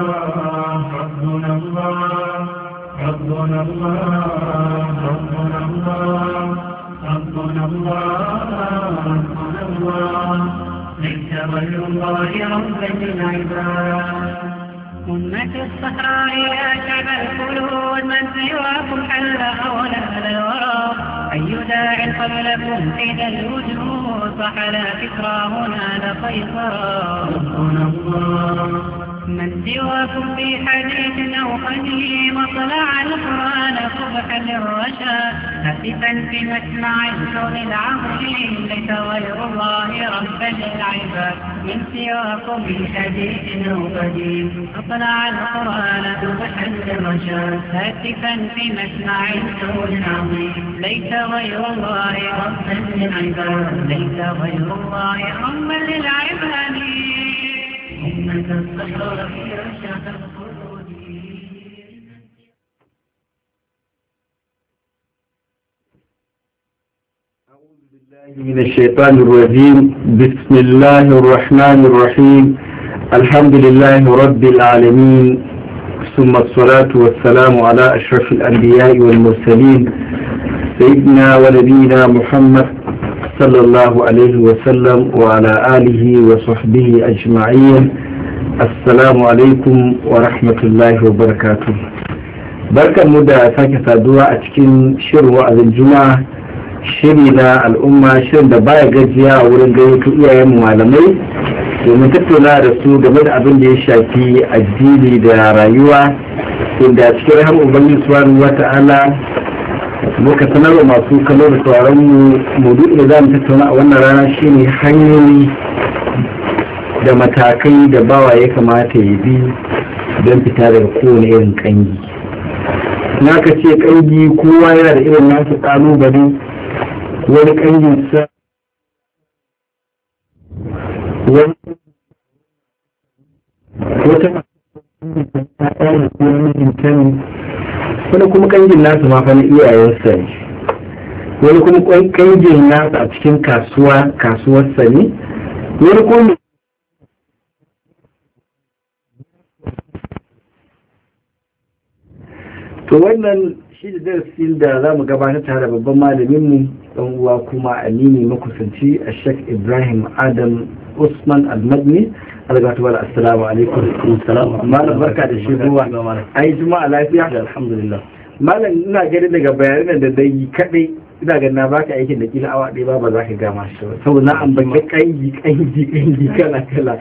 ربنا الله حسبنا الله حسبنا الله حسبنا الله حسبنا الله ليس غير الله ربا العباد أمة الصحراء يا شعب الخلود من سواكم حل أولاد الورى أي داع قبلكم إذا الوجود فحلا فكرى هنا لقيصرا ربنا الله من سواكم في حديث أو خليل مطلع القرآن صبحا للرشا هاتفا في مسمع الكون العظيم ليس غير الله ربا للعباد من سواكم في حديث أو قديم مطلع القرآن صبحا للرشا هاتفا في مسمع الكون العظيم ليس غير الله ربا للعباد ليس غير الله ربا للعباد من الشيطان الرجيم بسم الله الرحمن الرحيم الحمد لله رب العالمين ثم الصلاة والسلام على أشرف الأنبياء والمرسلين سيدنا ونبينا محمد صلى الله عليه وسلم وعلى آله وصحبه أجمعين assalamu alaikum wa rahmatullahi wa barakatu barkan mu da sake saduwa a cikin shirin wa'azin juma'a shiri na al'umma shirin da baya gajiya a wurin gayyato iyayen malamai domin tattauna da su game da abin da ya shafi addini da rayuwa inda cikin rahama ubangiji subhanahu wata'ala muka sanar da masu kallon da sauraron mu maudu'in da za mu tattauna a wannan rana shine hanyoyi da matakai da bawa ya kamata ya bi don fita daga kowane irin kangi na ka ce kangi kowa yana da irin nasu kalubale wani kangin sa wata wani kuma kangin nasu ma fa na iyayensa ne wani kuma kangin nasu a cikin kasuwa kasuwarsa ne wani kuma to wannan shi da darasin da za mu gabatar tare babban malamin mu ɗan uwa kuma amini makusanci a shek ibrahim adam usman almadni algatu wala assalamu alaikum malam barka da shigowa ai juma'a lafiya alhamdulillah malam ina ganin daga bayanan da dai kadai ina ganin na baka aikin da kila awa ɗaya ba za ka gama shi ba saboda na ambaci kangi kangi kangi kala kala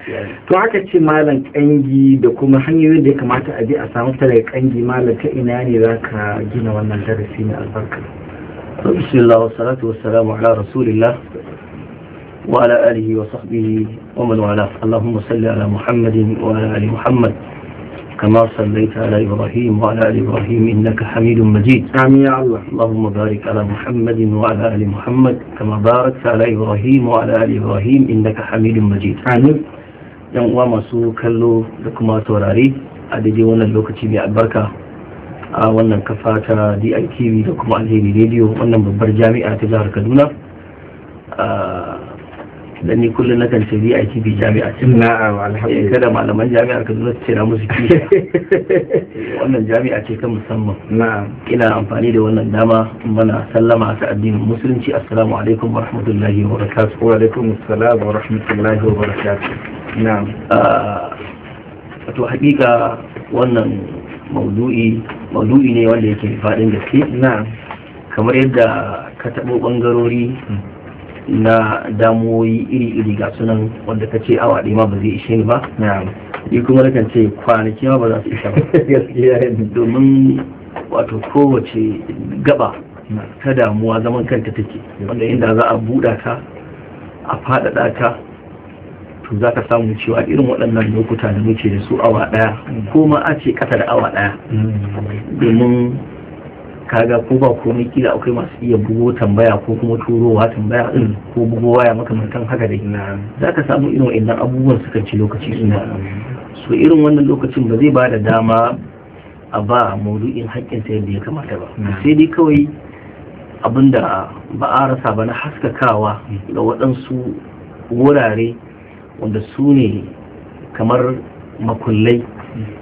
to haka ce malam kangi da kuma hanyoyin da ya kamata a bi a samu ta daga kangi malam ta ina ne za ka gina wannan darasi na albarka bismillah wa salatu wa salamu ala rasulillah wa ala alihi wa sahbihi wa man wala allahumma salli ala muhammadin wa ala ali muhammad كما صليت على إبراهيم وعلى آل إبراهيم إنك حميد مجيد آمين يا الله اللهم بارك على محمد وعلى آل محمد كما باركت على إبراهيم وعلى آل إبراهيم إنك حميد مجيد آمين yan uwa masu kallo da kuma saurare a daidai wannan lokaci mai albarka a wannan kafa ta DITV da kuma alheri radio wannan babbar jami'a ta jihar Kaduna da ni kullum na kan ce VITB jami'a ce na'am alhamdulillah eh, kada malaman jami'ar Kaduna su ce na musu kisha eh, wannan jami'a ce ta musamman na'am ina amfani da wannan dama mana sallama ta addinin musulunci assalamu alaikum wa rahmatullahi wa barakatuh wa alaikum assalam wa rahmatullahi wa barakatuh na'am ah, wato hakika wannan maudu'i maudu'i ne wanda yake faɗin gaske na'am kamar yadda ka taɓo ɓangarori hmm. na damoyi iri-iri ga sunan wanda ka ce awa ɗima ma ba zai ishe ni ba yi kuma rikan ce kwanaki ma ba za su isha ba domin wato kowace gaba ta damuwa zaman kanta take wanda inda za a buɗa ta a faɗaɗa ta to za ka samu cewa irin waɗannan lokuta da muke da su awa ɗaya mm. ko ma a ce ƙasa da awa ɗaya mm. domin kaga ko ba komai kila akwai masu iya bugo tambaya ko kuma turowa tambaya din ko bugo waya makamantan haka da ina za ka samu irin wa'annan abubuwan suka ci lokaci suna so irin wannan lokacin ba zai ba da dama a ba maudu'in haƙƙinsa yadda ya kamata ba sai dai kawai abinda ba a rasa ba na haskakawa ga waɗansu wurare wanda su ne kamar makullai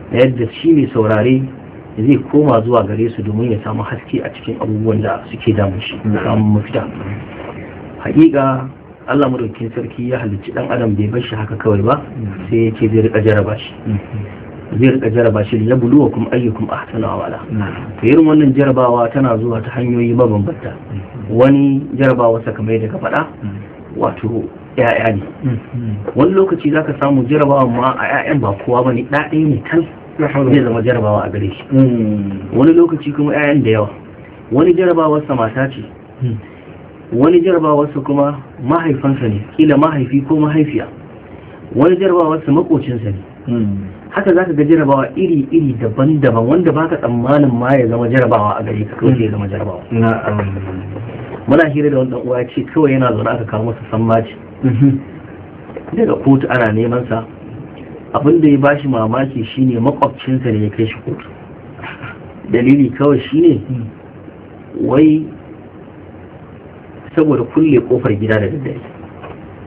na yadda shi ne saurare zai koma zuwa gare su domin ya samu haske a cikin abubuwan da suke damun shi samun mafita hakika Allah madaukakin sarki ya halicci dan adam bai bar shi haka kawai ba sai yake zai rika jaraba shi zai rika jaraba shi la buluwa kuma ayyukum ahsana wala to irin wannan jarabawa tana zuwa ta hanyoyi mabambanta wani jarabawa sa kamar daga faɗa wato ya'ya ne wani lokaci zaka samu jarabawa ma a ya'yan ba kowa bane ɗaɗe ne kan zai zama jarabawa a gare shi wani lokaci kuma 'ya'yan da yawa wani jarabawarsa mata ce wani jarabawarsa kuma mahaifansa ne kila mahaifi ko mahaifiya wani jarabawarsa makocinsa ne haka za ka ga jarabawa iri-iri daban-daban wanda ba ka tsammanin ma ya zama jarabawa a gare ka kawai ya zama jarabawa muna hira da wani dan uwa ce kawai yana zaune aka kawo masa sammaci daga kotu ana neman sa abin da ya bashi mamaki shine makwabcinsa ne ya kai shi kotu dalili kawai shine wai saboda kulle kofar gida da daddare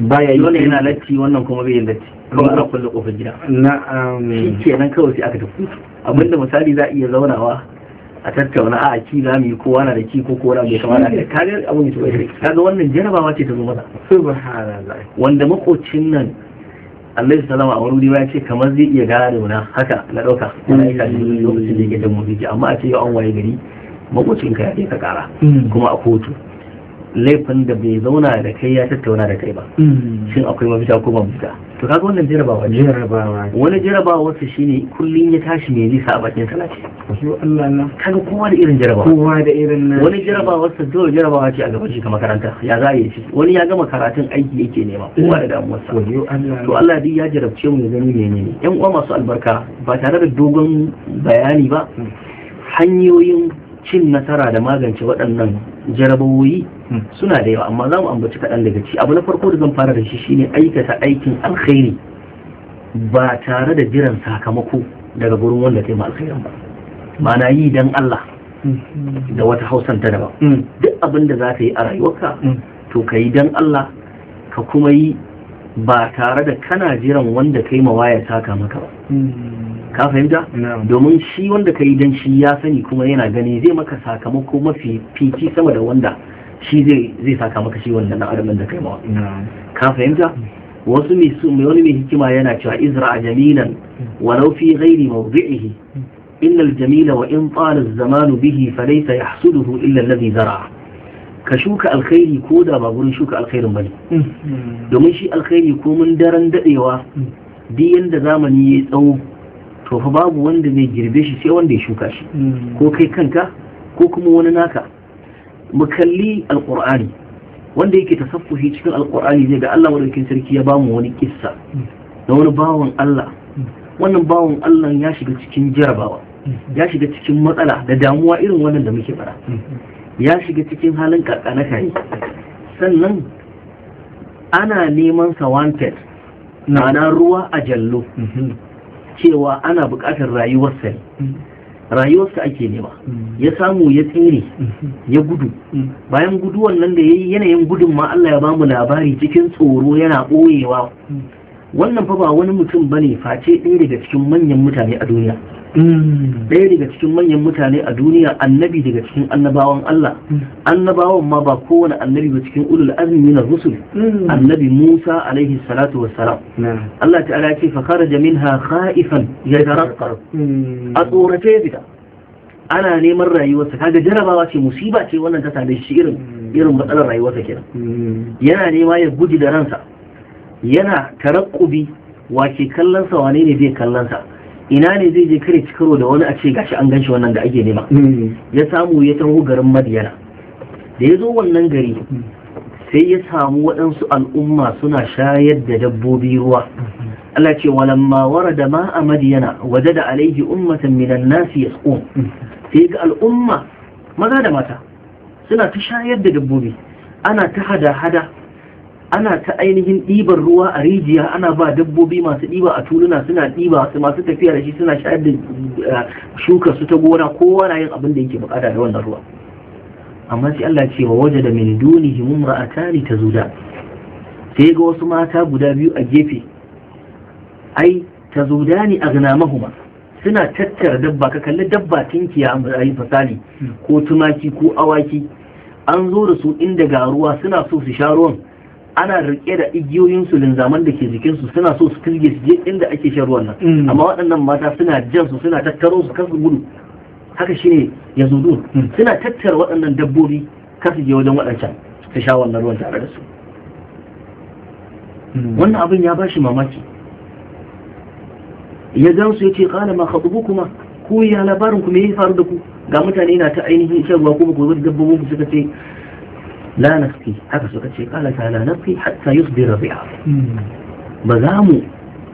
Ba ya yi wannan yana latti wannan kuma bai latti kawai ana kulle kofar gida amin. shi kenan kawai sai aka tafi da misali za a iya zaunawa a tattauna a ki za mu yi kowa na da ki ko kowa bai kamata da kariyar abun ya Ta kaga wannan jarabawa ce ta zo mana subhanallah wanda makocin nan annabi salama a wani ya ce kamar zai iya gane na haka na ɗauka na aika shi lokacin da yake da mutuki amma a ce yau an waye gari makocinka ya ka kara hmm. kuma a kotu laifin da bai zauna da kai ya tattauna da kai ba mm. shin akwai mafita ko mafita to kaga wannan jarabawa jarabawa wani jarabawa wasu shine kullun ya tashi me nisa a bakin sa lafiya Allah na. kaga kowa da irin jarabawa kowa da irin wani jarabawa wasu dole jarabawa ce a gaban shi ka makaranta ya za a yi wani ya gama karatun aiki yake nema kowa da damuwa sa to Allah dai ya jarabce mu ya gani menene yan uwa masu albarka ba tare da dogon bayani ba mm. hanyoyin cin nasara da magance waɗannan jarabawoyi suna da yawa amma za mu ambaci kaɗan daga ci abu na farko da zan fara da shi shine aikata aikin alkhairi ba tare da jiran sakamako daga gurin wanda ta yi alkhairin ba ma'ana yi dan Allah da wata hausan ta daban mm. duk abin da za ka yi a rayuwarka mm. to ka yi dan Allah ka kuma yi ba tare da kana jiran wanda kai mawa ya taka maka ba mm. ka fahimta domin shi wanda ka yi dan shi ya sani kuma yana gani zai maka sakamako mafi fici sama da wanda shi zai saka maka shi wannan na adamin da kai mawa ka fahimta wasu mai wani mai hikima yana cewa izra jamilan walau fi ghairi mawdi'ihi illa jamila wa in tala zamanu bihi falaysa yahsuduhu illa alladhi zara ka shuka alkhairi ko da ba gurin shuka alkhairin bane hmm. domin shi alkhairi ko mun daren dadewa hmm. duk yanda zamani ya tsawo to fa babu wanda zai girbe shi sai wanda ya shuka shi hmm. ko kai kanka ko kuma wani naka mu kalli alqur'ani wanda yake tasaffuhi cikin alqur'ani zai ga Allah madaukakin sarki ya bamu wani kissa da wani bawan Allah wannan bawan Allah ya shiga cikin jarabawa ya shiga cikin matsala da damuwa irin wannan da muke fara ya shiga cikin halin kakana kai sannan ana neman sa wanted ma'ana ruwa a jallo mm-hmm. cewa ana bukatar rayuwar ne mm-hmm. rayuwarsa ake nema ya samu ya tsere ya gudu bayan guduwan nan da ya yanayin gudun ma Allah ya ba labari cikin tsoro yana ɓoyewa wannan fa ba wani mutum bane face ɗaya daga cikin manyan mutane a duniya ɗaya daga cikin manyan mutane a duniya annabi daga cikin annabawan Allah annabawan ma ba kowane annabi ba cikin ulul azmi na rusul annabi Musa alaihi salatu salam. Allah ta'ala ce fa kharaja minha khaifan yatarqab hmm. a tsorace fita ana neman rayuwarsa kaga jarabawa ce musiba ce wannan ta same shi irin irin matsalar rayuwarsa kenan hmm. yana nema ya guji da ransa yana tarakkubi wace kallon sa wane ne zai kallon sa ina ne zai je kare cikaro da wani a ce gashi an ganshi wannan da ake nema hmm. ya samu ya taho garin madiyana da ya zo wannan gari sai ya samu waɗansu al'umma suna shayar da dabbobi ruwa Allah ce walamma da ma a madiyana waje da alaihi ummatan minan nasi tsohon. sai ga al'umma maza da mata suna ta shayar da dabbobi ana ta hada hada ana ta ainihin ɗiban ruwa a rijiya ana ba dabbobi masu ɗiba a tuluna suna ɗiba masu tafiya da shi suna shayar da eh, shuka su ta gona kowa na yin abin da yake bukata da wannan ruwa amma sai Allah ce wa waje da min dunihi mumra'atani tazuda sai ga wasu mata guda biyu a gefe ai tazudani aghnamahuma suna tattara dabba ka kalli dabba tinkiya a yi fasali ko tumaki ko awaki an zo da su inda ga ruwa suna so su sha ruwan ana rike da igiyoyin su linzaman da ke jikin su suna so su kirge su je inda ake shan ruwan nan mm. amma waɗannan mata suna jan su suna tattaro su kasu gudu haka shine ya zo mm. suna tattara waɗannan dabbobi kasu je wajen waɗancan su sha wannan ruwan tare da su mm. wannan abin ya bashi mamaki ya ga su ya ce ma khatubu kuma ko ya labarin ku me ya faru da ku ga mutane na ta ainihin shan ruwa ko ba ku zo da dabbobin ku suka ce la nafsi haka suka ce kala ta la nafsi hatta yusbira bi'a ba za mu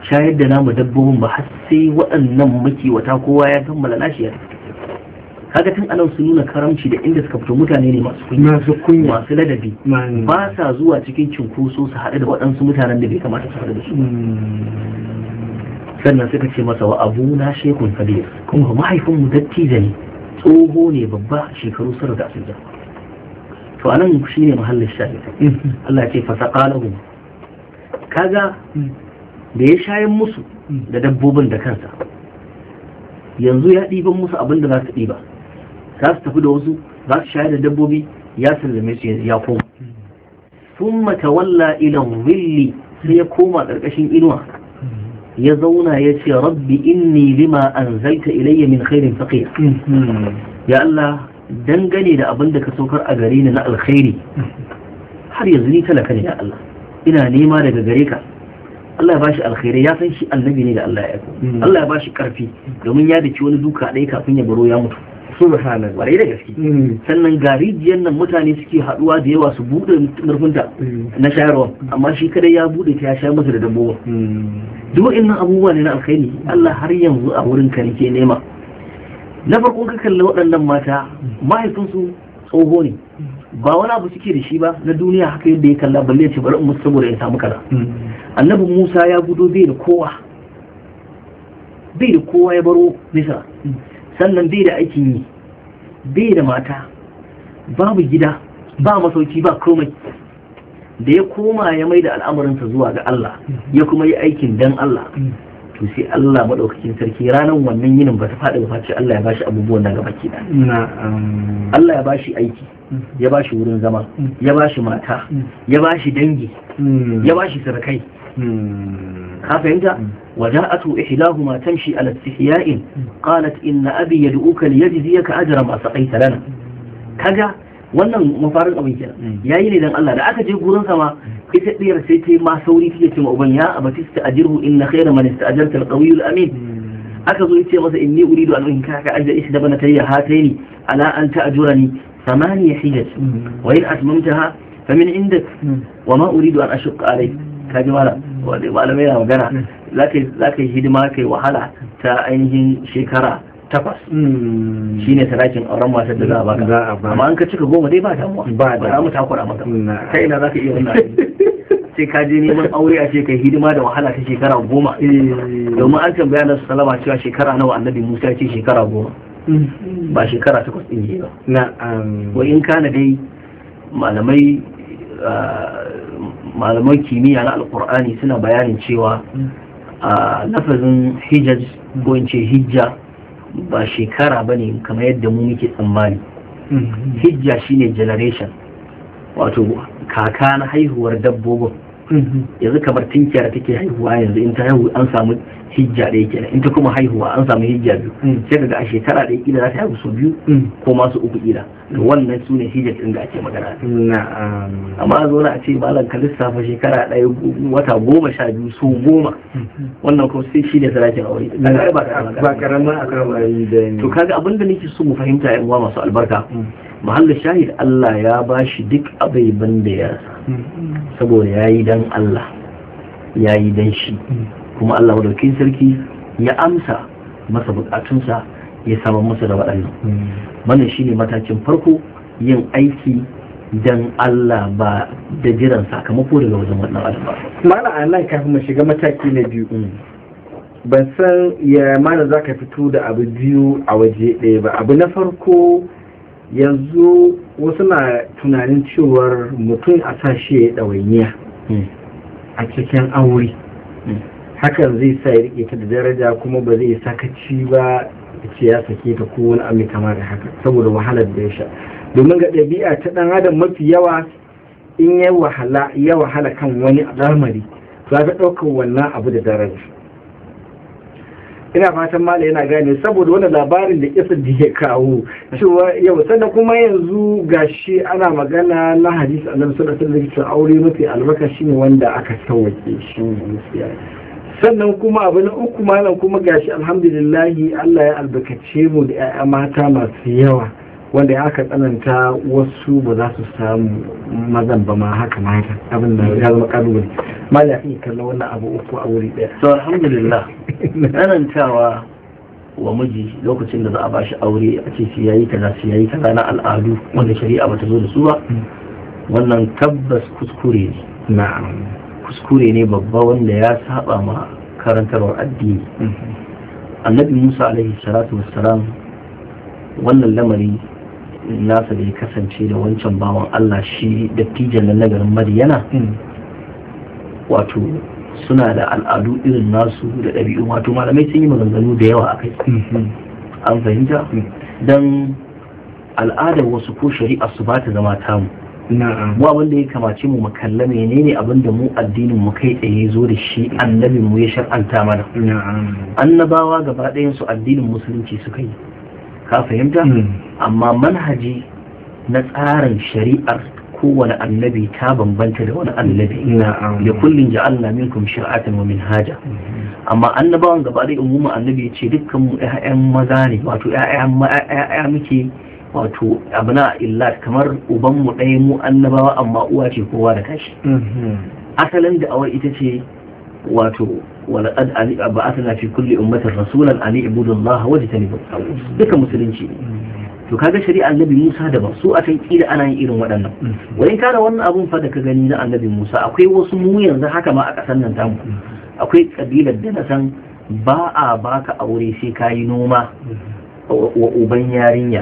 shayar da namu dabbobin ba har sai waɗannan makiwata kowa ya kammala nashi ya kaga tun anan su nuna karamci da inda suka mutane ne masu ladabi ba sa zuwa cikin cinkoso su haɗu da waɗansu mutanen da bai kamata su haɗu da su sannan suka ce masa wa abu na shekun kabiru. kuma mahaifinmu dattijo ne tsoho ne babba shekaru sarar da asirja to anan shi ne mahallin shahid Allah ce fasaka lahu kaga da ya shayin musu da dabbobin da kansa yanzu ya ɗiban musu abin da za su ɗiba za su tafi da wasu za su shayar da dabbobi ya sallame su ya koma sun matawalla ilan willi sai ya koma ƙarƙashin inuwa ya zauna ya ce rabbi inni lima zaita ilayya min khairin faqiya hmm. ya Allah dangane da abin da ka saukar a gare ni na alkhairi har yanzu ni talaka ne da Allah ina nema daga gare ka Allah ya bashi alkhairi ya san shi annabi ne da Allah ya aiko hmm. Allah ya bashi karfi domin ya dace wani duka ɗaya kafin ya baro ya mutu subhanallah warai da gaske hmm. sannan garijiyan nan mutane suke haduwa da yawa su bude murfunta hmm. na shayarwa amma shi kadai ya bude ta ya sha masa da dabbobi duk wa'annan abubuwa ne na alkhairi Allah har yanzu a wurin ka nake nema na farko ka kalli waɗannan mata mahaifinsu tsoho ne ba wani abu suke da shi ba na duniya haka yadda ya kalla balle ya ce bari in musu saboda ya samu kaza hmm. annabi musa ya gudo bai da kowa bai da kowa ya baro nisa, hmm. sannan bai da aikin yi bai da mata babu gida ba masauki ba komai da ya koma ya mai da al'amarinsa zuwa ga Allah hmm. ya kuma yi aikin dan Allah to sai Allah maɗaukacin sarki ranar wannan yinin ba ta faɗi ba ce Allah ya bashi abubuwan nan gaba kida Allah ya bashi aiki ya bashi wurin zama ya bashi mata ya bashi dangi hmm. ya bashi sarkai hmm. ka fahimta in, إحداهما تمشي على استحياء قالت إن أبي يدعوك ليجزيك أجر ما سقيت لنا كذا wannan mafarin abin kenan mm. yayi ne dan Allah da aka je gurin sama ita diyar sai ta ma sauri take ce ma uban ya a ajirhu inna na man ista'jarta al-qawiyyu al-amin mm. aka zo ce masa inni uridu an unka ka ajra ish da banatayya hataini ala an ta'jurani thamaniya hijaj mm. wa in atmamtaha min indak wa ma uridu an ashqa alayk kaji mala malamai na magana zaka zaka hidima kai wahala ta ainihin shekara takwas hmm. shi ne sarakin auren wasan da za a baka amma an ka cika goma dai ba damuwa ba za mu takura maka ta ina za ka iya wannan sai ka je neman aure a ce kai hidima da wahala ta shekara goma eh. domin an tambaya na salama cewa shekara nawa annabi musa ce shekara goma hmm. ba shekara takwas ɗin ba na um. wa in kana dai malamai uh, malaman kimiyya na alkur'ani suna bayanin cewa a hmm. uh, lafazin hijaj ko in ce hijja ba shekara ba ne kamar yadda mu muke tsammani mm-hmm. hijja shine generation wato kaka na haihuwar dabbobin Mm-hmm. yanzu kamar tinkiyar da take haihuwa yanzu in ta haihu an samu hijja da kenan in ta kuma haihuwa an samu hijja biyu mm. sai daga a shekara ɗaya kila za ta haihu sau biyu mm. ko masu uku kila to mm. wannan su ne hijjar din da ake magana amma a zo na a ce malam ka lissafa shekara ɗaya wata goma sha biyu su goma mm-hmm. wannan kuma sai shi ne sadakin aure ba karamin akamari da to kaga abin da nake so mu fahimta yan uwa masu albarka mahallin shahid Allah ya bashi duk abin da ya rasa saboda ya yi dan Allah ya yi dan shi kuma Allah madaukin sarki ya amsa masa bukatunsa ya samar masa da waɗannan wannan shine matakin farko yin aiki dan Allah ba da jiran sakamako daga wajen wannan adam ba Allah kafin mu shiga mataki na biyu mm. ban san ya mana ka fito da abu biyu a waje ɗaya ba abu na farko yanzu wasu na tunanin cewar mutum a sashe ɗawainiya hmm. a cikin aure hmm. hakan zai sa ya rike ta da daraja kuma ba zai saka ci ba ce ya sake ta ko wani abu kamar da haka saboda wahalar da ya sha domin ga ɗabi'a ta ɗan adam mafi yawa in ya wahala kan wani al'amari za ta ɗaukar wannan abu da daraja ina fatan mala yana gane saboda wani labarin da kisa da ya kawo cewa yau sannan kuma yanzu gashi ana magana na hadisi nan suna alaihi wasallam aure mafi albarka ne wanda aka sauwake shi sannan kuma abu na uku malam kuma gashi alhamdulillahi Allah ya albarkace mu da 'ya'ya mata masu yawa wanda ya aka tsananta wasu ba za su samu mazan ba ma haka mata abin da ya zama kalubale mali a iya kalla wannan abu uku a wuri daya So alhamdulillah tsanantawa wa miji lokacin da za a ba shi aure a ce shi yayi kaza shi yayi kaza na al'adu wanda shari'a bata zo da su ba hmm. wannan tabbas kuskure ne na'am kuskure ne babba wanda ya saba ma karantarwar addini hmm. annabi Musa alaihi salatu wassalam wannan lamari nasa da ya kasance da wancan bawan Allah shi da tijan na nagarin Madiyana hmm. wato suna da al'adu irin nasu da ɗabi'u wato malamai sun yi maganganu da yawa a kai hmm. an fahimta hmm. don al'adar wasu ko shari'a su ba ta zama tamu wa wanda ya kamace mu mu kalla menene abin da mu addinin mu kai tsaye zo da shi annabin mu ya shar'anta mana annabawa gaba ɗayan su addinin musulunci suka yi ka fahimta hmm. amma manhaji na tsarin shari'ar kowane annabi ta bambanta da wani annabi da kullum ja'alna minkum shir'atan wa minhaja hmm. amma annabawan gaba da umuma annabi ya ce dukkan mu ƴaƴan maza ne wato ƴaƴa muke wato abna illa kamar uban mu ɗaya mu annabawa amma uwa ce kowa da kashi hmm. asalin da ita ce wato ولقد بعثنا fi kulli أمة rasulan an ibudu الله wa tanibu duka musulunci to kaga shari'ar annabi Musa da basu su a kai kila ana yin irin waɗannan wani kana wannan abun fa da ka gani na annabi Musa akwai wasu mu yanzu haka ma a ƙasar nan tamu akwai kabilar da na san ba a baka aure sai ka yi noma wa uban yarinya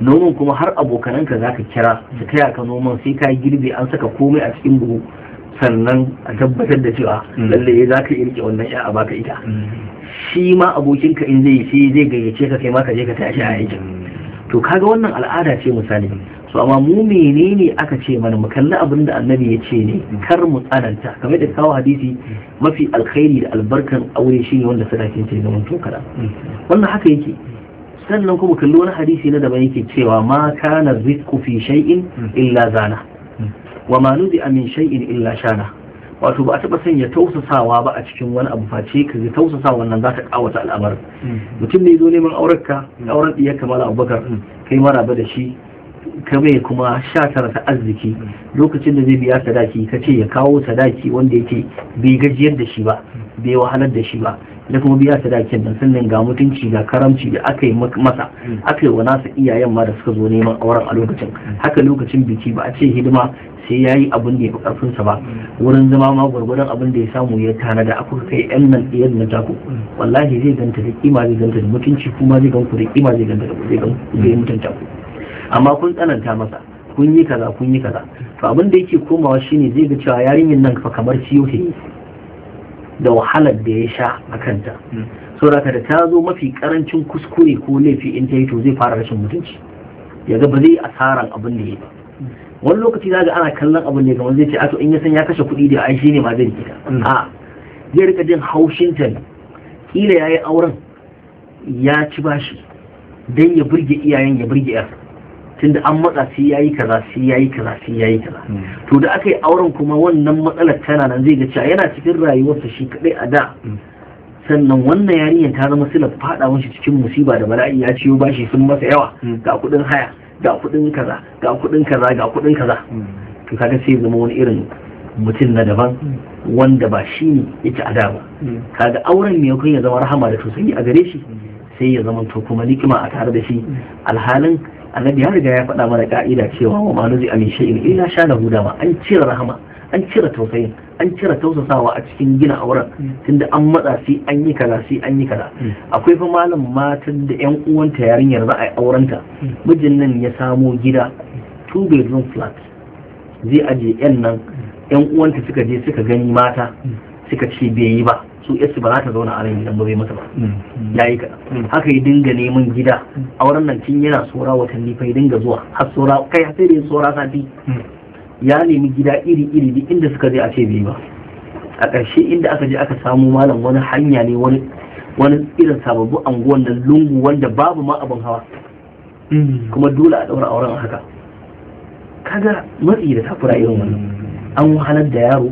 noman kuma har abokananka zaka kira su kaya ka noman sai kayi girbi an saka komai a cikin buhu sannan a tabbatar da cewa mm. lalle za ka irke wannan ya a baka ita mm. shi ma abokinka in zai shi zai gayyace ka kai ma ka je ka tashi a aikin mm. to kaga wannan al'ada ce misali so amma mu menene aka ce mana mu kalli abin da annabi ya ce ne kar mu tsananta kamar da kawo hadisi mafi alkhairi da albarkan aure shi ne wanda sadakin ce ga mutum kada wannan haka yake sannan kuma kalli wani hadisi na daban yake cewa ma kana rizqu fi shay'in illa zana wa ma a min shay'in illa shana wato ba a taba sanya tausasawa ba a cikin wani abu face ka zai tausasa wannan za ta kawata al'amarin hmm. mutum ne zo neman aurenka hmm. auren ɗiyar abubakar hmm. kai mara ba da shi mai kuma sha tara ta arziki lokacin da zai biya sadaki ka ce ya kawo sadaki wanda yake bai gajiyar da shi ba bai wahalar da shi ba da kuma biya sadakin nan sannan ga mutunci ga karamci da aka yi masa aka yi wa nasa iyayen ma da suka zo neman auren a lokacin haka lokacin biki ba a ce hidima sai ya yi abin da ya fi ƙarfinsa ba wurin zama ma gwargwadon abin da ya samu ya da aka kai yan nan ɗiyar na taku wallahi zai ganta da kima zai ganta da mutunci kuma zai ganku da kima zai ganta da zai ganku zai mutunta ku amma kun tsananta masa kun yi kaza kun yi kaza to abin da yake komawa shine zai ga cewa yarinyar nan fa kamar ciyo da wahalar da ya sha a kanta saboda da ta zo mafi karancin kuskure ko laifi in ta yi to zai fara rashin mutunci ya ga ba zai asaran abin da ya yi ba wani lokaci za ga ana kallon abin ne kamar zai ce ato in ya san ya kashe kuɗi da ai shi ne ma zai rikita mm. a zai rika jin haushin ta ne kila ya yi auren ya ci bashi don ya burge iyayen ya burge yar tunda an matsa sai ya yi kaza sai ya yi kaza sai ya yi kaza mm. to da aka yi auren kuma wannan matsalar tana nan zai ga cewa yana cikin rayuwarsa shi kaɗai a da mm. sannan wannan yarinyar ta zama silar faɗa mishi cikin musiba da bala'i ya ciyo bashi sun masa yawa ga kuɗin haya ga kudin kaza ga kudin kaza ga kudin kaza to kaga sai zama wani irin mutum na daban wanda ba shi ne yake a ba kaga auren ne kun ya zama rahama da tausayi a gare shi sai ya zama to kuma nikima a tare da shi alhalin annabi ya riga ya faɗa mana ka'ida cewa wa manu zai amin shay'in illa sha lahu dama an cire rahama an cire tausayin an cire tausasawa a cikin gina auren hmm. tunda an matsa sai an yi kaza sai an yi kaza hmm. akwai fa malam matan da yan uwanta yarinyar za a yi aurenta hmm. mijin nan ya samo gida two bedroom flat zai aje yan nan yan uwanta suka je suka gani mata suka ce bai yi ba su yasu ba za ta zauna a nan gidan ba bai masa ba ya yi kaɗan haka ya dinga neman gida Auren nan tun yana tsora watanni fa ya dinga zuwa har tsora kai har tsora sati ya nemi gida iri-iri duk inda suka je a ce bai ba a ƙarshe inda aka je aka samu malam wani hanya ne wani wani irin sababbin anguwan da lungu wanda babu ma abin hawa hmm. kuma dole a ɗaura auren haka kaga matsi da takura irin wannan an wahalar da yaro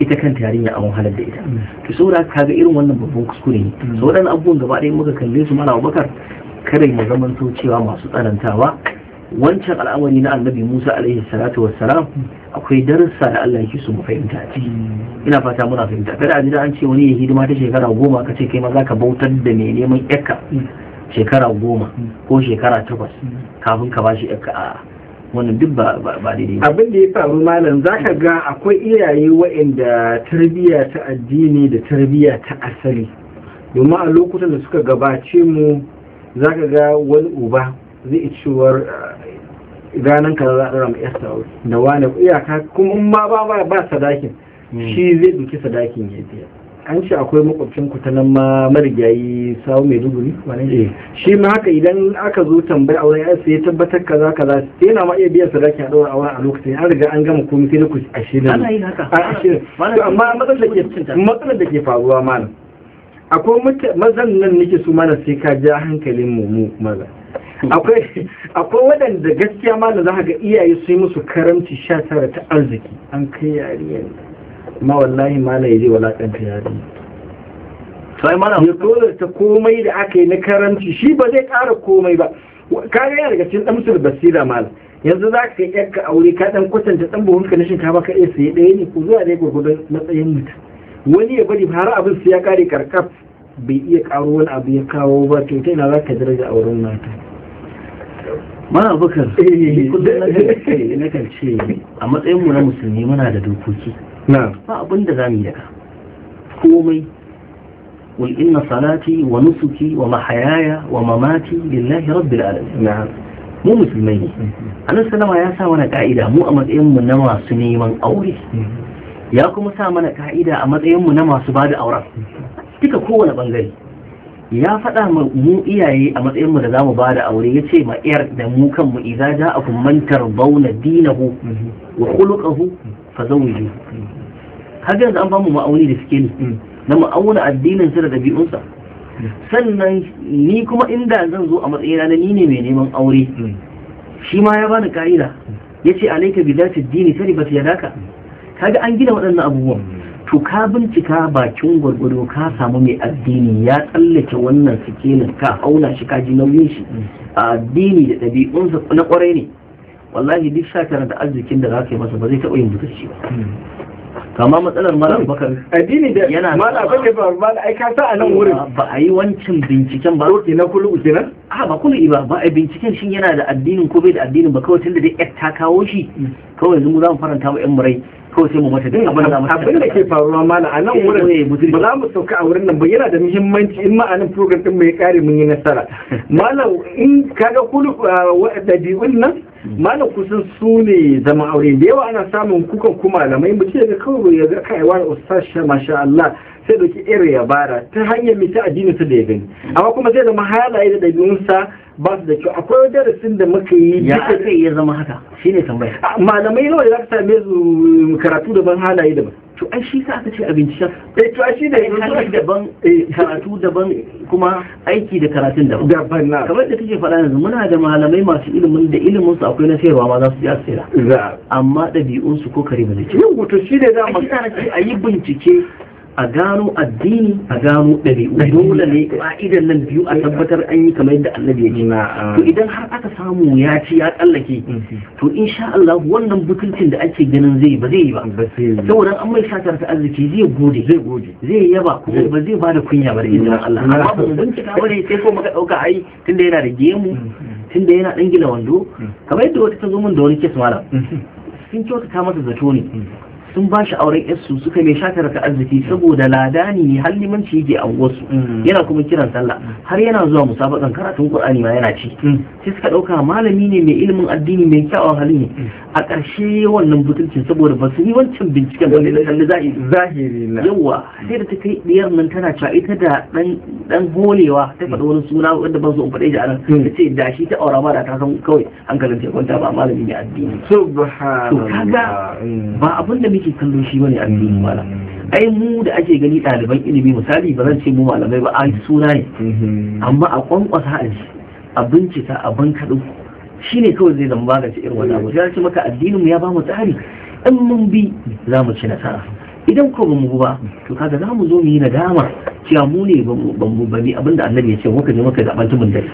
ita kan yarinya an wahalar da ita hmm. to saboda kaga irin wannan babban kuskure ne hmm. so abubuwan gaba ɗaya muka kalle su mana bakar kada mu zaman cewa masu tsanantawa wancan al'amari na annabi musa alaihi salatu wassalam akwai darussa da allah yake su mu fahimta a ina fata muna fahimta kada a da an ce wani ya hidima ta shekara goma ka ce kai ma zaka bautar da mai neman yakka shekara goma ko shekara takwas kafin ka bashi yakka a wannan duk ba daidai abin da ya faru malam zaka ga akwai iyaye waɗanda tarbiyya ta addini da tarbiyya ta asali domin a lokutan da suka gabace mu zaka ga wani uba zai cewar ranar ka za a ɗora ma yasta aure da wani iyaka kuma in ma ba ba sadakin hmm. shi zai duki sadakin ya biya an ce akwai makwabcin ku ta nan ma marigayi sawu mai duguri wani eh. shi ma haka idan aka zo tambaya auren ya sai tabbatar kaza kaza sai yana ma iya biyan sadakin a daura auren a lokacin an riga an gama komai sai na ku ashirin ana yin haka amma matsalar da ke faruwa malam akwai mazan nan nake su mana sai ka ja hankalin mu mu maza akwai waɗanda gaskiya ma da za ga iyaye su yi musu karamci sha tara ta arziki an kai yari ma wallahi ma na yaje walakanta yariyar sai mana ya ta komai da aka yi na karamci. shi ba zai ƙara komai ba kaga yana daga cikin Musul basira mal yanzu za ka yi ka aure ka dan kwatanta dan buhun ka na shinkafa ka iya saye ɗaya ne ko zuwa dai gurgurdan matsayin mutum wani ya bari har abin su ya kare karkaf bai iya karo wani abu ya kawo ba to ta ina za ka daraja auren mata mana bukar eh. na kan ce a matsayin mu na musulmi muna da dokoki ba abin da zamu yi komai wal inna salati wa nusuki wa mahayaya wa mamati lillahi rabbil alamin mu musulmai ne mm-hmm. annabi sallama ya sa mana ka'ida mu a matsayin mu na masu neman aure mm-hmm. ya kuma sa mana ka'ida a matsayin mu na masu bada auren mm-hmm. duka kowane bangare ya faɗa mu iyaye a matsayin mu da zamu ba da aure ya ce ma iyar da mu kan mu a kumantar man tarbawna dinahu wa khuluquhu fazawiju har yanzu an bamu ma'auni da suke ni mm. na ma'auna addinin sa da ɗabi'unsa. sannan ni kuma inda zan zo a matsayina na ni ne mai neman aure mm. shi ma ya bani ƙa'ida. ya ce alaika bi ta dini daka? Ka ga an gina waɗannan abubuwan mm. to ka bincika bakin gwargwado ka samu mai addini ya tsallake wannan sikilin ka auna shi ka ji nauyin shi mm. addini da ɗabi'unsa na ƙwarai ne wallahi duk shakar da arzikin da za ka yi masa ba zai taɓa yin butulci ba mm. kama matsalar malam mm. bakar addini da yana mara bakar ba ba ai ka sa a nan wurin ba a yi wancan binciken ba roki na kullu kenan a ba kullu ba ba a binciken shin yana da addinin ko bai da addinin ba kawai tunda dai ta kawo shi kawai yanzu mu za mu faranta wa yan murai ko sai mu mata dai abin abin da ke faruwa mana a nan eh, wurin eh, ba za mu sauka a wurin nan ba yana da muhimmanci in ma'anin program din mai kare mun yi nasara malam in kaga kulu uh, dabi'un nan hmm. malam kusan su ne zama aure da yawa ana samun kukan kuma malamai mu ce ga kawai ya ga kaiwa ustaz masha Allah sai ke irin ya bara ta hanyar mita addinin su da ya gani amma kuma zai zama halaye da ɗabi'unsa ba su da kyau akwai wajen da muka yi ya zai ya zama haka shine tambaya malamai nawa da za ka same su um, karatu daban halaye daban to ai shi sa aka ce abinci shan eh to ai shi ne halaye daban eh. karatu daban kuma aiki da karatun daban daban na kamar da kake faɗa yanzu muna da malamai masu ilimin da ilimin su akwai na sayarwa ma za su iya sayar amma ɗabi'un su ko kare ba zai ce yau to shi ne za mu a yi bincike a gano addini a gano ɗabi'u dole ne idan nan biyu a tabbatar an yi kamar yadda annabi ya ce to idan har aka samu ya ci ya tsallake mhm. to insha Allah wannan butuncin da ake ganin zai ba zai yi ba saboda an mai shatar ta arziki zai gode zai gode zai yaba ba zai bada kunya ba da izinin Allah amma ba mu bincika ba ne sai ko muka dauka ai tunda yana da gemu mhm. tunda yana dan gila wando mhm. kamar yadda wata ta zo mun da wani kes malam sun kyautata masa zato ne sun ba shi auren yarsu suka mai shaka raka arziki saboda lada ne har limanci yake a wasu mm. yana kuma kiran sallah mm. har yana zuwa musabakan karatun qur'ani ma yana ci mm. sai suka dauka malami ne mai ilimin addini mai kyawun hali ne a ƙarshe wannan butulcin saboda ba su yi wancan binciken wani da kalli zahiri na yawa sai da ta kai ɗiyar nan tana cewa ita da ɗan holewa ta faɗi wani suna wanda ban su in faɗe shi a nan hmm. ta ce da shi ta aura ma da ta san kawai hankalin ta kwanta ba malami ne addini subhanallah ga ba abin da muke kallon shi ne addini ba hmm. ai mu da ake gani ɗaliban ilimi misali ba zan ce mu malamai ba ai suna ne hmm. amma a kwankwasa a bincika a bankaɗin shi ne kawai zai zama magance irin wata abu sai ce maka addinin mu ya ba mu tsari in mun bi za mu ci nasara idan ko bamu bi ba to kaga za mu zo mu yi nadama cewa mu ne bamu mu abinda annabi ya ce muka je muka zaɓa tumin dare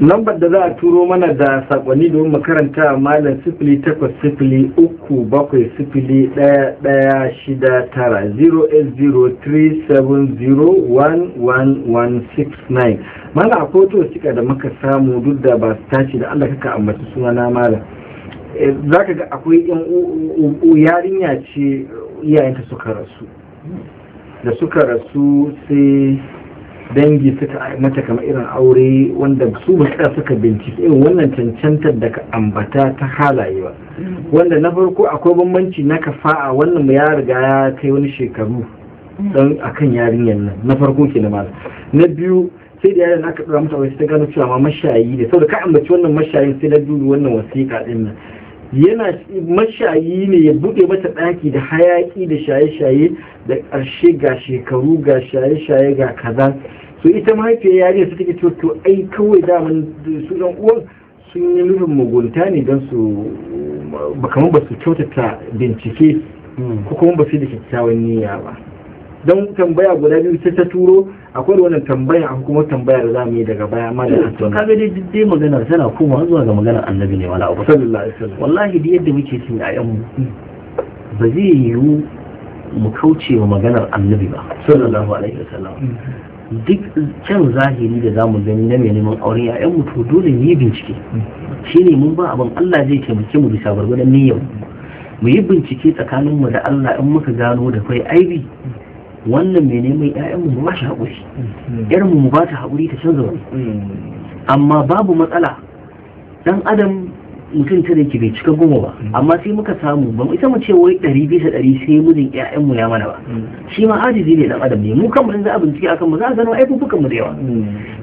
lambar da za a turo mana da sakonni domin makaranta malam sifili takwas sifili uku bakwai sifili ɗaya ɗaya shida tara zero eight zero three seven zero one one one six nine malam akwai wata da muka samu duk da ba su tashi da allah kaka ambaci suna na malam eh, za ka ga akwai yan yarinya ce iyayenta suka rasu da suka rasu sai dangi suka mata kamar irin aure wanda su ba suka bincike irin wannan cancantar da ambata ta halaye ba wanda na farko akwai bambanci na a wannan ya riga ya kai wani shekaru don akan yarinyar nan na farko ke na na biyu sai da yaran aka dora mata wai ta gano cewa ma mashayi da saboda ka ambaci wannan mashayin sai na dubi wannan wasiƙa ɗin nan yana mashayi ne ya buɗe mata ɗaki da hayaƙi da shaye-shaye da ƙarshe ga shekaru ga shaye-shaye ga kaza so ita mahaifiyar yariya su take cewa to ai kawai daman su ɗan uwan sun yi nufin mugunta ne don su ba kamar ba su kyautata bincike hmm. ko kuma ba su da kyakkyawan niyya ba don tambaya guda biyu ta ta turo akwai wannan tambaya an kuma tambaya da zamu yi daga baya ma da to kaga dai dai magana tana koma zuwa ga maganar annabi ne wala abu sallallahu alaihi wasallam wallahi da yadda muke cin ayan mu ba zai yiwu mu kauce wa maganar annabi ba sallallahu alaihi wasallam mm-hmm. duk can zahiri da zamu gani na mai neman auren yayan mu to dole ne bincike mm-hmm. shine mun ba abin Allah zai taimake mu bisa gwargwadon niyyar mu yi bincike tsakaninmu da Allah in muka gano da kai aibi mm-hmm. wannan mai neman ƴaƴanmu mu ba shi haƙuri irin mu ba ta haƙuri ta canza wani amma babu matsala dan adam mutum ta da ke bai cika goma ba amma sai muka samu ba ita mu ce wai ɗari bisa ɗari sai mijin ƴaƴanmu ya mana ba shi ma ajizi ne dan adam ne mu kanmu mutum za a bincike akan mu za a gano aibubukan mu da yawa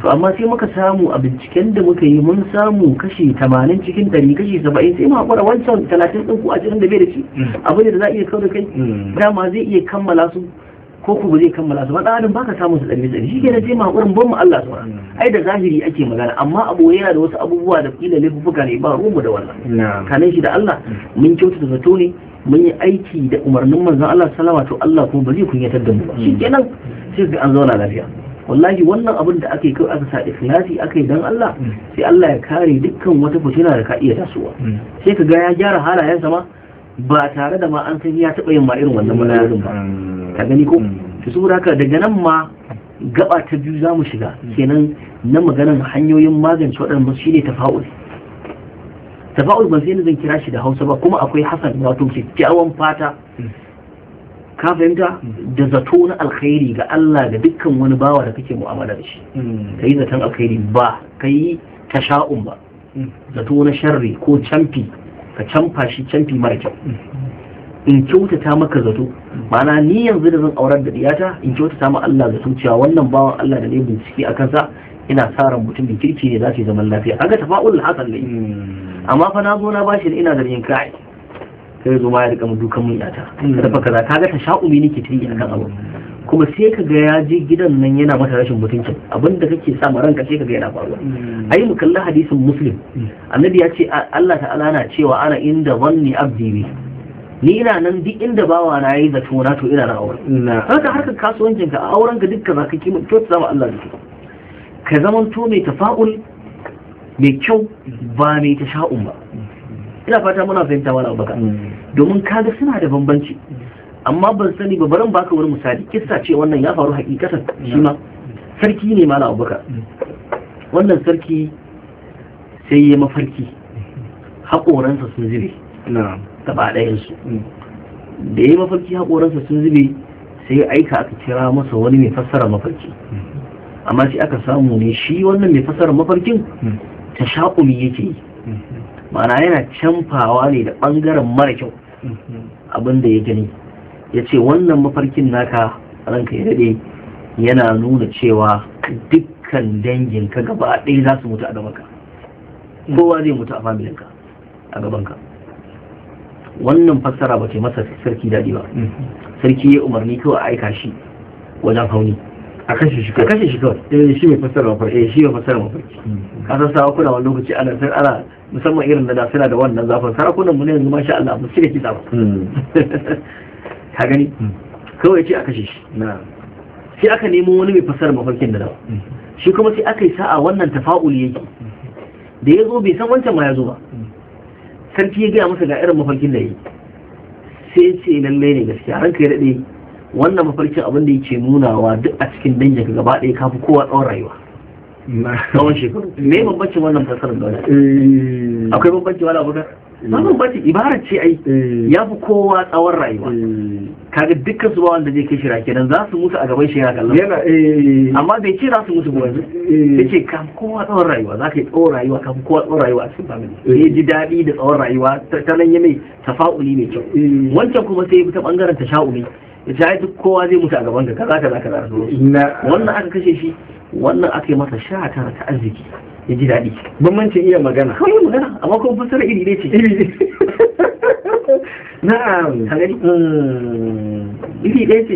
to amma sai muka samu a binciken da muka yi mun samu kashi tamanin cikin ɗari kashi saba'in sai mu haƙura wancan talatin ɗin ko ashirin da bai da shi abin da za a iya kawo da kai mm. dama zai iya kammala su ko ku zai kammala su ba dan adam baka samu su ɗari tsalle shi kenan sai mahakurin ban mu Allah ba. ai da zahiri ake magana amma abu yana da wasu abubuwa da kila laifuka ne ba rumu da wannan kanan shi da Allah mun kyautata zato ne mun yi aiki da umarnin manzon Allah salama to Allah kuma ba zai kunyatar da mu ba nan sai ga an zauna lafiya wallahi wannan abin da aka yi kai aka sa ikhlasi aka yi dan Allah mm. sai Allah ya kare dukkan wata fitina da ka iya tasowa mm. sai ka ga ya gyara halayensa ma ba tare da ma an san ya taɓa yin ma irin wannan manazin ba ka gani ko mm. to saboda haka daga nan ma gaba ta biyu za mu shiga kenan na maganan hanyoyin magance waɗanda shi ne tafa'ul tafa'ul ban sai zan kira shi da hausa ba kuma akwai hasan wato kyakkyawan fata mm. ka fahimta mm. da zato na alkhairi ga Allah da dukkan wani bawa da kake mu'amala da shi ka yi zaton alkhairi ba ka yi sha'un ba zato na sharri ko camfi ka camfa shi camfi mara kyau in kyautata maka zato ma'ana ni yanzu da zan aurar da diyata in kyautata ma Allah zato cewa wannan bawan Allah da ne bincike a kansa ina sa ran mutum kirki ne za su yi zaman lafiya aga tafa'ul hasan ne hmm. amma fa na zo na bashi da ina da yin kai sai zo ma ya rika dukan mun yata hmm. kada fa kaza kaga ta sha'umi nake tayi kan abu hmm. kuma sai ka ga ya je gidan nan yana mata rashin mutuncin abinda kake sa ma ranka sai ka ga yana faruwa ayi mu kalli hadisin muslim annabi ya ce Allah ta'ala na cewa ana inda wanni abdi ni ina nan duk inda bawa na yi zato na to ina na aure haka harkar kasuwancin ka auren ka dukkan zaka kima to ta zama Allah duk ka zaman to mai tafa'ul mai kyau ba mai tasha'un ba ina fata muna fahimta wani abu hmm. ka domin kaga suna da bambanci amma ban sani ba barin baka wani misali kissa ce wannan ya faru hakikatan shi ma sarki ne mala abubakar wannan sarki sai ya mafarki haƙoransa sun zube gaba ɗayansu da ya mafarki haƙoransa sun zube sai ya aika aka kira masa wani mai fassara mafarki amma sai aka samu ne shi wannan mai fassara mafarkin ta shaƙumi yake yi ma'ana yana canfawa ne da ɓangaren mara kyau abin da ya gani ya ce wannan mafarkin naka ranka ya daɗe yana nuna cewa dukkan dangin ka gaba ɗaya za su mutu a gabanka kowa zai mutu a familinka a gabanka wannan fassara ba ce masa sarki daɗi ba mm. sarki ya umarni kawai a aika shi wajen hauni a kashe shi kawai kashe shi kawai eh shi mai fassara mafarki eh shi mai fassara mafarki mm. ka san sarakuna wani lokaci ana sai ana musamman irin da suna da wannan zafin sarakunan mu ne yanzu masha Allah mu cire kitsa mm. ka gani kawai ce a kashe shi Na. sai aka nemo wani mai fassara mafarkin da dawa shi kuma sai aka yi sa'a wannan tafa'ul yake da ya zo bai san wancan ma ya zo ba sarki ya gaya masa ga irin mafarkin da yi sai ce lalle ne gaskiya ranka ya daɗe wannan mafarkin abin da yake nunawa duk a cikin danginka gaba ɗaya kafi kowa tsawon rayuwa tsawon shekaru me bambancin wannan fasarar da wani eh. akwai bambancin wani abu samun bace ibara ce ai eh. ya fi kowa tsawon rayuwa eh. kaga dukkan su ba wanda zai kai shira kenan za su mutu a gaban shi ya kallon yana eh. amma bai ce za su mutu gobe ya ce ka kowa tsawon rayuwa za ka yi tsawon rayuwa ka kowa tsawon rayuwa a cikin family ya ji daɗi da tsawon rayuwa ta nan ya mai tafa'uli mai kyau wancan kuma sai ya ta ɓangaren tasha'uli ya ce duk kowa zai mutu a gaban ka kaza kaza kaza wannan aka kashe shi wannan aka yi masa sha tara ta arziki ya ji daɗi bambancin iya magana kawai magana amma kuma fasara iri ne ce na'am hagari iri ɗaya ce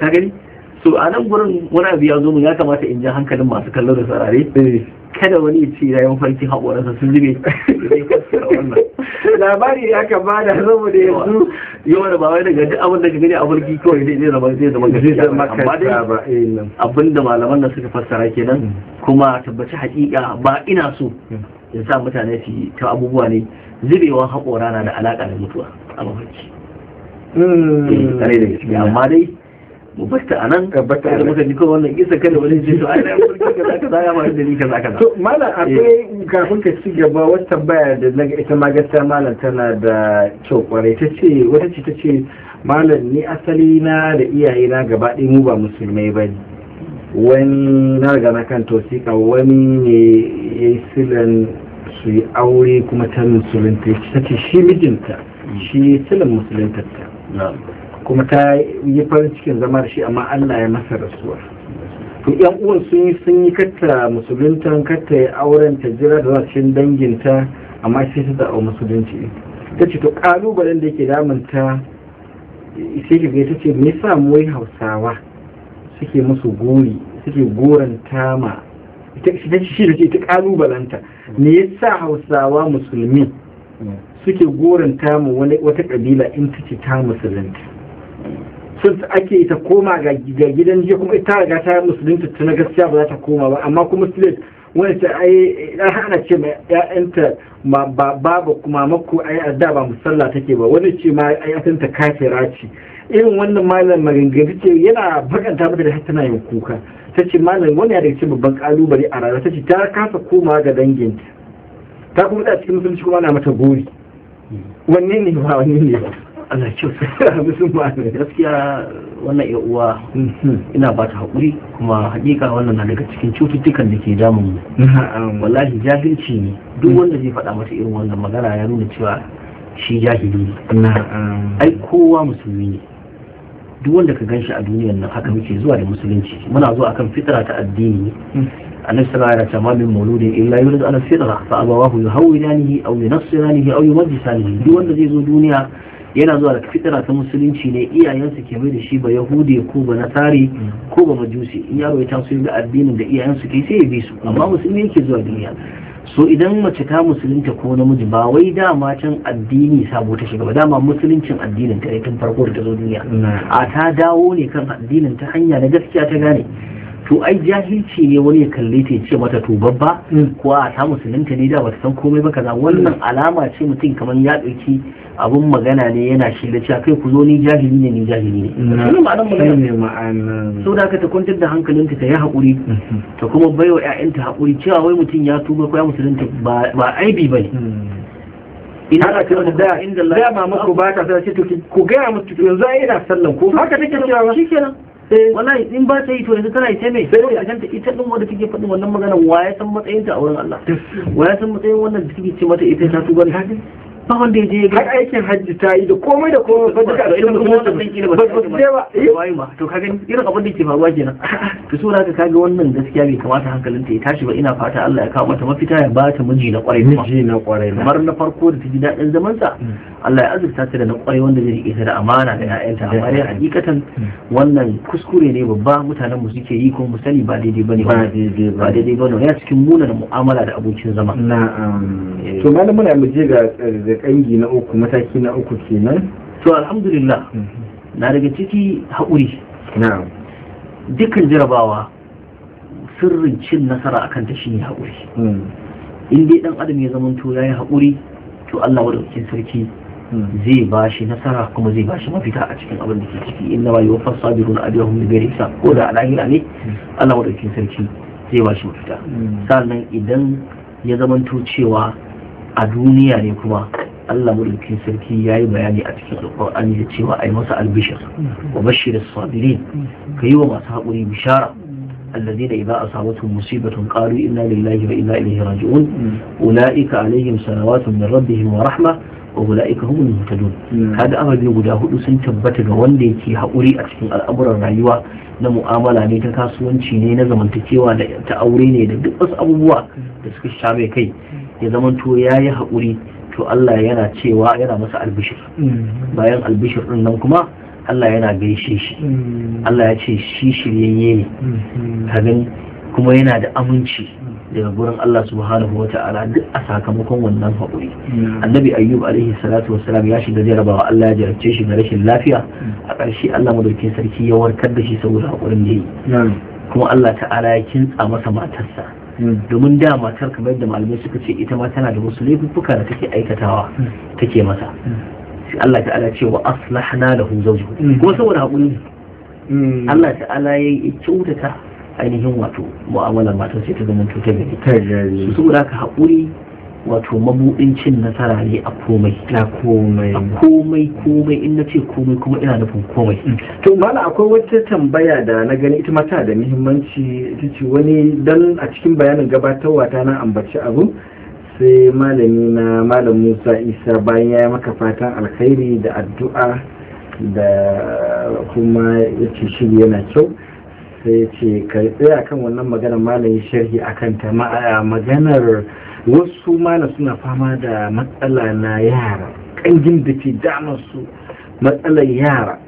hagari hmm. hmm. so a nan gurin wani abu ya zo mun ya kamata in ji hankalin masu kallon da sarare eh. kada wani ce ya yi mafarki haƙorarsa sun jibe zai kaskara wannan labari ya ka bada da yanzu yau da bawai daga duk abin da ka gani a mulki kawai zai zama zai zama gaskiya amma dai eh, abinda malaman nan suka fassara kenan hmm. kuma tabbaci hakika ba ina so ya hmm. sa mutane su yi ta abubuwa ne zubewa haƙora na da alaƙa da mutuwa a mafarki. Hmm. Eh, amma dai mu basta a nan ka basta da muka ko wannan isa kada wani ce to ai na farko kaza kaza ya ma da ni kaza kaza to malam eh. akwai kafin ka ci gaba wata tambaya da naga ita ma gaskiya malam tana da kyau kwarai ta ce wata ce ta malam ni asali na da iyaye na gaba ɗaya mu ba musulmai ba wani na riga na kan tosika wani ne ya yi silan su yi aure kuma ta musulunta ta ce shi mijinta shi silan musulunta ta kuma ta yi farin cikin zama da shi amma Allah ya masa rasuwa to yan uwan sun yi sun yi katta musulunta katta ya auren ta jira da zashin danginta amma sai ta zaɓa musulunci ta ce to ƙalubalen da yake damunta sai ki ga ta ce me yasa mu hausawa suke musu gori suke goranta ma ita shi da ce ita ƙalubalenta me yasa hausawa musulmi suke goranta mu wani wata ƙabila in ta ce ta musulunta sun ake ta koma ga gidan jiya kuma ita ga ta musulunta na gaskiya ba za ta koma ba amma kuma slate wani ta ai dan hana ce ma ƴaƴanta babu kuma mako ai adda ba musalla take ba wani ce ma ai ta kafira ce irin wannan malam maringari ce yana bakanta mata da tana yin kuka ta ce malam wani ya daga cikin babban kalubale a rana ta ce ta kasa koma ga danginta ta kuma ta cikin musulunci kuma na mata gori wanne ne ba wanne ne ba ana kyauta gaskiya wannan ya uwa ina ba ta haƙuri kuma haƙiƙa wannan na daga cikin cututtukan da ke damun mu wallahi jahilci ne duk wanda zai faɗa mata irin wannan magana ya nuna cewa shi jahili ne ai kowa musulmi ne duk wanda ka ganshi a duniyar nan haka muke zuwa da musulunci muna zuwa akan fitra ta addini mm. annabi sallallahu alaihi wasallam min mauludin illa yuridu ala fitra fa abawahu yuhawilanihi aw yunassiranihi aw yumajjisanihi duk wanda zai zo duniya yana zuwa da fitira ta musulunci ne iyayensu ke mai da shi ba yahudi ko ba nasari ko ba majusi in yaro ya taso da addinin da iyayensu ke sai ya bi su amma musulmi yake zuwa duniya so idan mace ta musulunta ko namiji ba wai dama can addini sabo ta shiga ba dama musuluncin addinin ta ne tun farko da ta zo duniya a ta dawo ne kan addinin ta hanya na gaskiya ta gane to ai jahilci ne wani ya kalle ta ce mata to babba hmm. ko a ta musulunta ne da bata san komai ba kaza wannan hmm. alama ce mutum kamar ya dauki abun magana ne yana shirya cewa kai ku zo ni jahili ne ni jahili ne wannan ma'anar magana so da ka ta kwantar da hankalinta ta yi haƙuri hmm. ta kuma baiwa ƴaƴanta haƙuri cewa wai mutum ya tuba ko ya musulunta ba aibi bane ina da ta da inda Allah ya ma muku ba ta sai ku ga mutu yanzu ai ina sallan ko haka take cewa shikenan Eh. wallahi in ba ta yi to yanzu tana yi ta mai eh. sai a kanta ita din wanda take faɗin wannan magana wa ya san matsayin ta a wurin Allah eh. wa ya san matsayin wannan da take ce mata ita ta tuba ne ba wanda ya je ga aikin hajji ta yi da komai da komai ba duka a cikin musulunci ba ba ma to kaga irin abin da ke faruwa kenan to so ka kaga wannan gaskiya bai kamata hankalin ta ya tashi ba ina fata Allah ya kawo mata mafita ya ba ta miji na kwarai miji na kwarai kamar na farko da ta ji daɗin zaman sa mm. Allah ya azurta ta da na kwarai wanda zai rike ta da amana da ƴaƴanta amma dai hakikatan wannan kuskure ne babba mutanen mu suke yi mu sani ba daidai bane ba daidai bane ya cikin munana mu'amala da abokin zama na'am eh. to malam muna mu je ga da eh, kangi na uku mataki na uku kenan to alhamdulillah hmm. na daga ciki haƙuri na'am dukkan jarabawa sirrin cin nasara akan ta shine haƙuri hmm. in dai dan adam ya zamanto yayi haƙuri to Allah wadaukin sarki zai ba shi nasara kuma zai ba shi mafita a cikin abin da ke ciki inna ma yuwaffas sabirun ajrahum bi ghairi hisab ko da alahira ne Allah madaukakin sarki zai ba shi mafita sannan idan ya zamanto cewa a duniya ne kuma Allah mulkin sarki ya yi bayani a cikin alƙur'ani ya cewa a yi masa albishir wa bashir sabirin ka yi wa masu haƙuri bishara الذين إذا أصابتهم مصيبة قالوا إنا لله وإنا إليه راجعون أولئك عليهم صلوات من ربهم ورحمة wa ula'ika humul muhtadun hmm. kaga ababe guda hudu sun tabbata ga wanda yake haƙuri a cikin al'amuran rayuwa na mu'amala ne ta kasuwanci ne na zamantakewa da ta aure ne da duk wasu abubuwa da suka sha kai ya zamanto ya yi haƙuri to Allah yana cewa yana masa albishir hmm. bayan albishir din nan kuma Allah yana gaishe shi hmm. Allah ya ce shi shiryayye ne kamin kuma yana da aminci daga gurin Allah subhanahu wa ta'ala duk a sakamakon wannan haƙuri annabi ayyub alaihi salatu wassalam ya shiga jarabawa Allah ya jarabce shi da rashin lafiya a ƙarshe Allah madaukakin sarki ya warkar da shi saboda haƙurin da yi kuma Allah ta'ala ya kintsa masa matarsa hmm. domin da matar kamar yadda malamai suka ce ita ma tana da wasu laifuffuka da take aikatawa hmm. take masa hmm. Allah ta'ala ce wa aslahna lahu zawjuhu kuma saboda haƙuri Allah ta'ala ya kyautata ainihin wato mu'amalar matan sai ta zama ta gari su suna ka haƙuri wato mabuɗin cin nasara ne a komai na komai komai komai in ce komai kuma ina nufin komai mm. to mala akwai wata tambaya da na gani ita mata da muhimmanci ita ce wani dan a cikin bayanin gabatarwa ta na ambaci abu sai malami na malam musa isa bayan ya yi maka fatan alkhairi da addu'a da kuma ya ce shiri yana kyau sai ya ce kai a kan wannan maganar malayin sharhi akan kan ta maganar wasu mana suna fama da matsala na yara ƙangin da ke su matsalar yara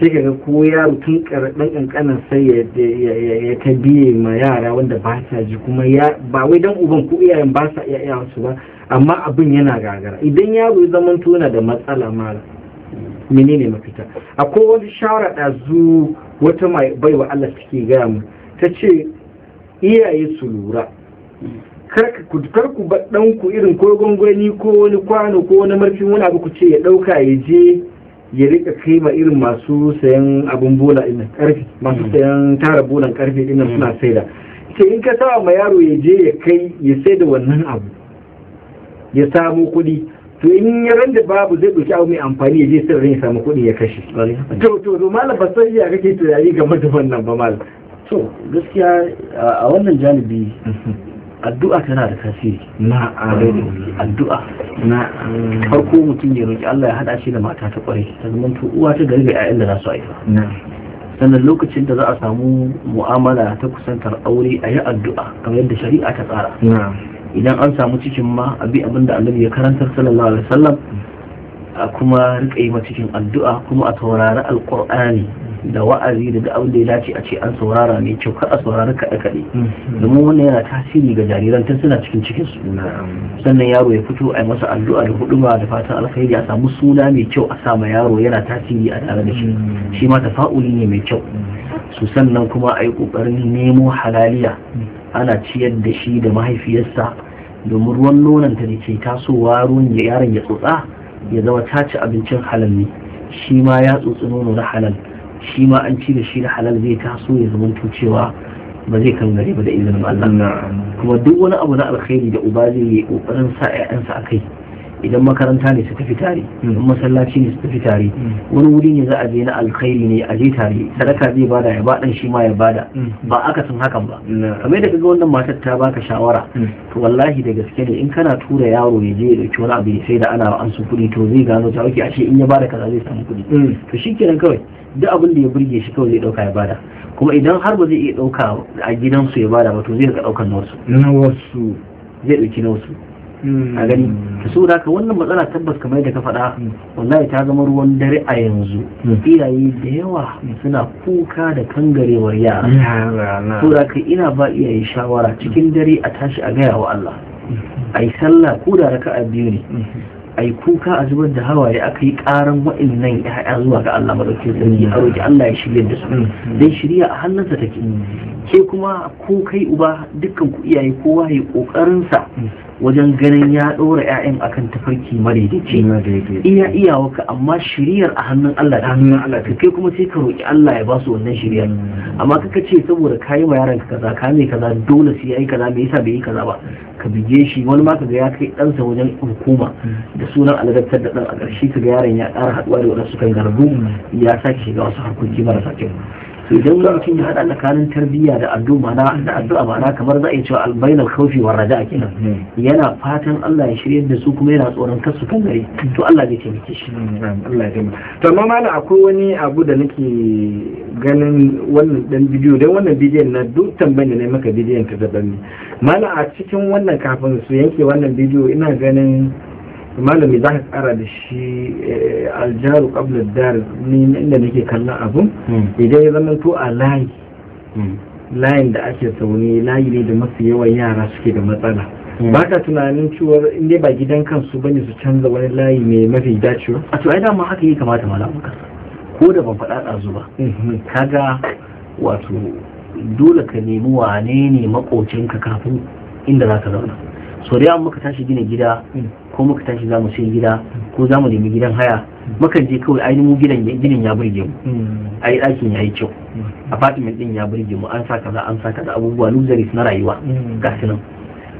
sai ka ko yaro tun ɗan ƙanƙanin sai ya ta biye ma yara wanda ba sa ji kuma ba wai dan uban ko iyayen ba sa iya su ba amma abin yana gagara idan yaro ya zama tona da matsala mala ne mafita akwai wani shawara ɗazu wata mai baiwa Allah take gaya mu ta ce iyaye su lura kar ku ba ɗanku irin ko gwangwani ko wani kwano ko wani marfin wani abu ku ce ya ɗauka ya je ya rika kai ma irin masu sayan abun bola din karfi masu mm. sayan tara bolan din nan suna mm. saida ce in ka sa ma yaro ya je ya kai ya sai wannan abu ya samu kuɗi to in ya randa babu zai ɗauki abu mai amfani ya je sai ya samu kuɗi ya kashe to to to malam ba sai ya kake tunani ga da wannan ba malam to gaskiya a wannan janibi addu'a tana da tasiri na addu'a na farko mutum ya roki Allah ya hada shi da mata ta kwarai ta zama to uwa ta gari ga ƴaƴan da za su haifa sannan lokacin da za a samu mu'amala ta kusantar aure a yi addu'a kamar yadda shari'a ta tsara idan an samu cikin ma a bi abin da annabi ya karantar sallallahu alaihi wasallam a kuma rika yi cikin addu'a kuma a saurari alkur'ani da wa'azi da abin da ya dace a ce an saurara mai kyau kada saurari kaɗe kaɗe mm-hmm. domin wannan yana tasiri ga jariran tun suna cikin cikin su sannan yaro ya fito a yi masa addu'a da huduma da fatan alkhairi a samu suna mai kyau a sama yaro yana tasiri a tare da shi mm-hmm. shi ma tafa'uli ne mai kyau mm-hmm. su sannan kuma a yi ƙoƙarin nemo halaliya ana ciyar da shi da mahaifiyarsa domin ruwan nonanta da ke tasowa ruwan ya yaron ya tsotsa ya zama ta ci abincin halal ne shi ma ya tsotsi nono na halal shi ma an ci da shi da halal zai taso ya zama cewa ba zai kan gare ba da izinin Allah kuma duk wani abu na alkhairi da uba zai yi ƙoƙarin sa 'ya'yansa kai. idan makaranta ne su tafi tare hmm. idan masallaci ne su tafi tare hmm. wani wuri ne za a je na alkhairi ne a je tare sadaka zai bada ya badan shi ma ya bada hmm. ba aka sun hakan ba kamar da kaga wannan matar ta baka shawara to wallahi da gaske ne in kana tura yaro ya je ya dauki wani abu sai da ana an su kuɗi to zai gano ta wuce ashe in ya bada kaza zai samu kuɗi to shikenan kawai duk abin da ya burge shi kawai zai dauka ya bada kuma idan har ba zai iya dauka a gidansu ya bada ba to zai ga daukan na wasu na wasu zai dauki na wasu a hmm. gani ta so da wannan matsala tabbas kamar da ka faɗa wallahi ta zama ruwan dare a yanzu hmm. iyaye da yawa suna kuka da kangarewar yara so da ina ba iyaye shawara cikin dare a tashi a gaya wa Allah a yi sallah ko da raka a biyu ne hmm. a yi kuka a zubar da hawaye aka yi karan ya ya'ya zuwa ga Allah madaukakin sarki a roki Allah ya shirya da su dan shirya a hannunsa take ke kuma ko kai uba dukkan ku iyaye kowa ya yi ƙoƙarinsa wajen ganin ya ɗora 'ya'yan akan tafarki madaidaici iya iyawaka amma shiriyar a hannun Allah ta hannun Allah ta kai kuma sai ka roƙi Allah ya ba su wannan shiriyar hmm. amma kaka ce saboda ka yi ma yaron ka kaza ka mai kaza dole sai ya yi kaza me yasa bai yi kaza ba ka bige shi wani ma ka ga ya kai ɗansa wajen hukuma hmm. da sunan aladattar da ɗan a ƙarshe ka ga yaron ya ƙara haɗuwa da waɗansu kan garbu hmm. ya sake shiga wasu harkoki marasa kyau to idan za mutum ya hada tsakanin tarbiyya da addu'a mana addu'a kamar za a yi cewa albayin khawfi wa raja kenan hmm. yana fatan Allah ya shirye da su kuma yana tsoron kasu su gari to Allah zai taimake shi hmm, Allah ya taimake to amma malam akwai wani abu da nake ganin wannan dan bidiyo dan wannan bidiyon na duk tambayar da na maka bidiyon ta da ne malam a cikin wannan kafin su yanke wannan bidiyo ina ganin malami za ka kara da shi eh, aljaru kabla dar ni inda nake kallon abun hmm. idan ya zama to a layi hmm. layin da ake sauni layi ne da masu yawan yara suke da matsala hmm. ba ka tunanin cewa in ba gidan kansu bane su canza wani layi mai mafi dacewa a to ai dama haka yi kamata malamuka ko da ban faɗa ɗazu ba kaga wato dole ka nemi wane ne makocinka kafin inda za ka zauna so da muka tashi gina gida ko muka tashi za mu sai gida ko za mu nemi gidan haya mukan je kawai ainihin mu gidan ginin ya burge mu yi hmm. ɗakin ya yi kyau hmm. apartment ɗin ya burge mu an sa kaza an sa kaza abubuwa luxuries na rayuwa hmm. ga nan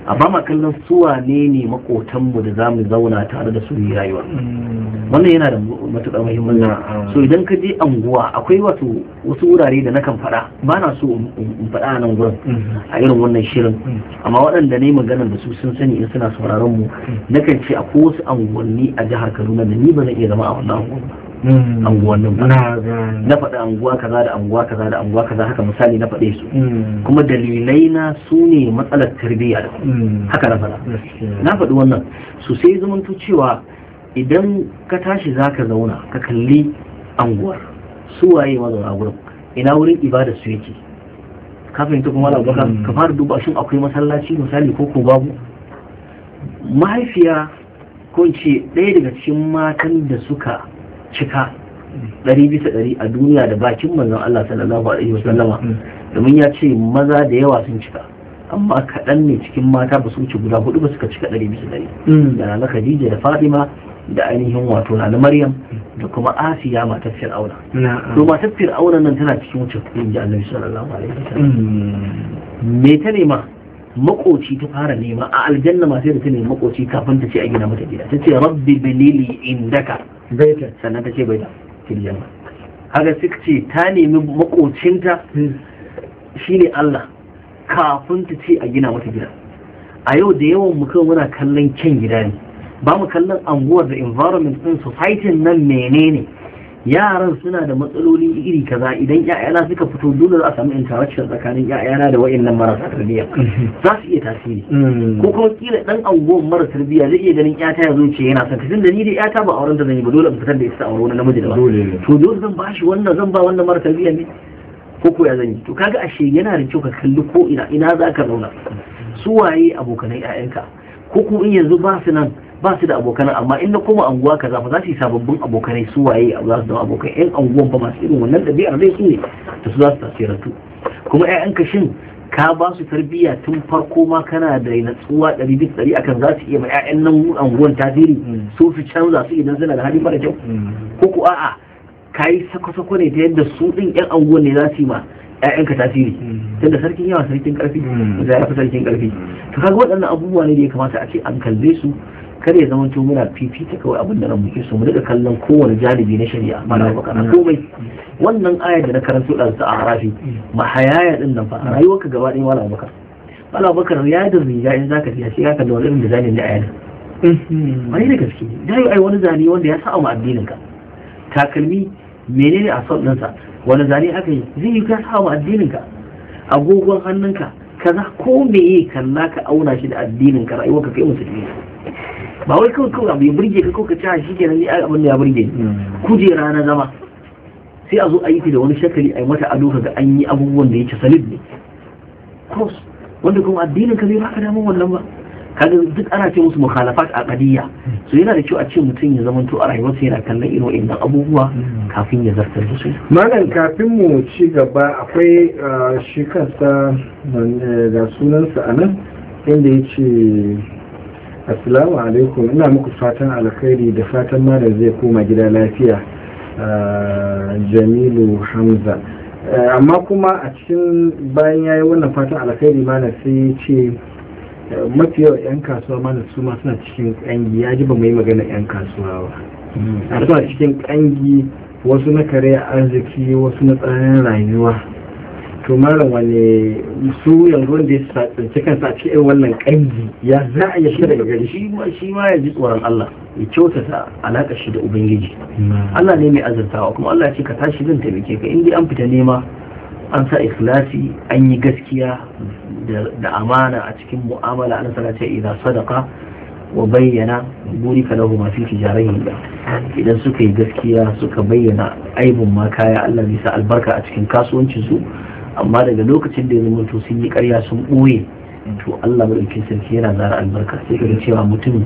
a ba ma kallon suwa ne ne makotanmu da za mu zauna tare da su rayuwa mm. wannan yana da matuƙar muhimmanci so idan ka je anguwa akwai wato wasu wurare da nakan faɗa ba na so in faɗa nan gurin mm-hmm. a irin wannan shirin mm. amma waɗanda ne maganar da su sun sani in suna sauraron mu mm. nakan ce akwai wasu anguwanni a jihar kaduna da ni ba zan iya zama a wannan anguwa Mm. anguwannin ba na faɗi anguwa kaza da anguwa kaza da anguwa kaza haka misali na faɗe su mm. kuma dalilai na su ne matsalar tarbiyya da mm. haka na faɗa na faɗi wannan su sai zamanto cewa idan ka tashi za ka zauna ka kalli anguwar su waye mazauna gurin ina wurin ibada su yake kafin ta kuma labaka ka fara duba shin akwai masallaci misali ko ko babu mahaifiya ko ce ɗaya daga cikin matan da suka cika ɗari bisa ɗari a duniya da bakin manzon Allah sallallahu alaihi Sallama mm. domin ya ce maza da yawa sun cika amma kaɗan ne cikin mata ba su wuce guda hudu ba suka cika ɗari bisa ɗari mm. da na Khadija da Fatima da ainihin wato na Maryam da kuma Asiya matar Fir'auna ah. to matar Fir'auna nan tana cikin wuce kudin da Annabi sallallahu alaihi sallam mm. me ta nema makoci ta fara nema a aljanna ma sai da ta nemi makoci kafin ta ce a gina mata gida ta ce rabbi binili indaka baita sannan ta ce baita filiyan haka suka ce ta nemi makocinta shine Allah kafin ta ce a gina mata gida a yau da yawan mu muna kallon kyan gida ne ba mu kallon anguwar da environment din society nan menene yaran suna da matsaloli iri kaza idan ƴaƴana suka fito dole za a samu interaction tsakanin ƴaƴana da wayannan marasa tarbiyya za su iya tasiri mm. ko kuma kila dan anguwan mara tarbiyya zai iya ganin ƴata ya zo ce yana son tunda ni da ƴata ba auren ta zan yi ba dole in fitar da ita auren wani namiji da ba to dole zan ba shi wannan zan ba wannan mara tarbiyya ne ko ko ya zan to kaga ashe yana da kyau ka kalli ko ina ina za ka zauna su waye abokanai ƴaƴanka ko kuma in yanzu ba su nan ba su da abokan amma in na koma anguwa kaza ba za su yi sababbin abokanai su waye za su da abokan yan anguwan ba masu irin wannan ɗabi'ar zai su ne da su za su tasirantu kuma ka shin ka ba su tarbiyya tun farko ma kana da natsuwa ɗari bisa ɗari akan za su iya ma ƴaƴan nan anguwan tasiri mm. su su canza su idan suna da hali mara kyau mm. ko ko a'a ka yi sako-sako ne ta yadda su ɗin ƴan anguwan ne za su yi ma ka tasiri mm. tunda sarkin yawa sarkin ƙarfi za ya fi sarkin ƙarfi to kaga waɗannan abubuwa ne da ya kamata a ce an kalle su kare ya zama muna fifita kawai abin da muke so mu daga kallon kowane jalibi na shari'a mana bakana komai wannan aya da na karanto da ta harafi mahayaya din nan fa ka gaba ɗaya wala bakar wala bakar ya da riga in zaka ji sai ka da wani irin da zani da ayar wani da gaske da yi ai wani zani wanda ya sa'a mu addinin ka takalmi menene a son ɗinsa wani zane aka yi zai yi ka sa'a mu addinin ka agogon hannunka kaza ko me kalla ka auna shi da addinin ka ka kai musulmi ba wai kawai kawai abu ya burge ka kawai ka ci ah, shi ke nan ni abin da ya burge hmm. Kuje rana zama sai a zo a yi fi da wani shakali a yi mata ado ga an yi abubuwan da yake salid ne cross wanda kuma addinin ka zai ka damar wannan ba kaga duk ana ce musu mukhalafat kadiyya hmm. so yana da kyau a ce mutum ya zamanto a rayuwarsa yana kallon irin wa'annan abubuwa hmm. kafin ya zartar da su malam kafin mu ci gaba akwai uh, shi kansa ga sunansa a nan, inda ya ce. assalamu alaikum ina muku fatan alkhairi da fatan malam zai koma gida lafiya jamilu hamza amma kuma a cikin bayan ya yi wannan fatan alkhairi na sai ce mafi yau 'yan kasuwa mana su ma suna cikin kangi ya ji ba mu magana 'yan kasuwa ba a hmm. suna cikin kangi wasu na kare arziki wasu na tsananin rayuwa to malam wani su yanzu wanda ya tsinci kansa a cikin wannan kangi ya za a daga gari shi ma ya ji tsoron Allah ya kyautata alaka shi da ubangiji Allah ne mai azurtawa kuma Allah ya ce ka tashi zan taimake ka in an fita nema an sa ikhlasi an yi gaskiya da amana a cikin mu'amala an sana ce idan sadaka wa bayyana buri ka lahu masu tijarai da idan suka yi gaskiya suka bayyana aibun ma kaya Allah bisa albarka a cikin kasuwancin su amma daga lokacin da ya zama to sun yi karya sun ɓoye mm. to Allah madaukin sarki yana zara albarka sai ka cewa mutum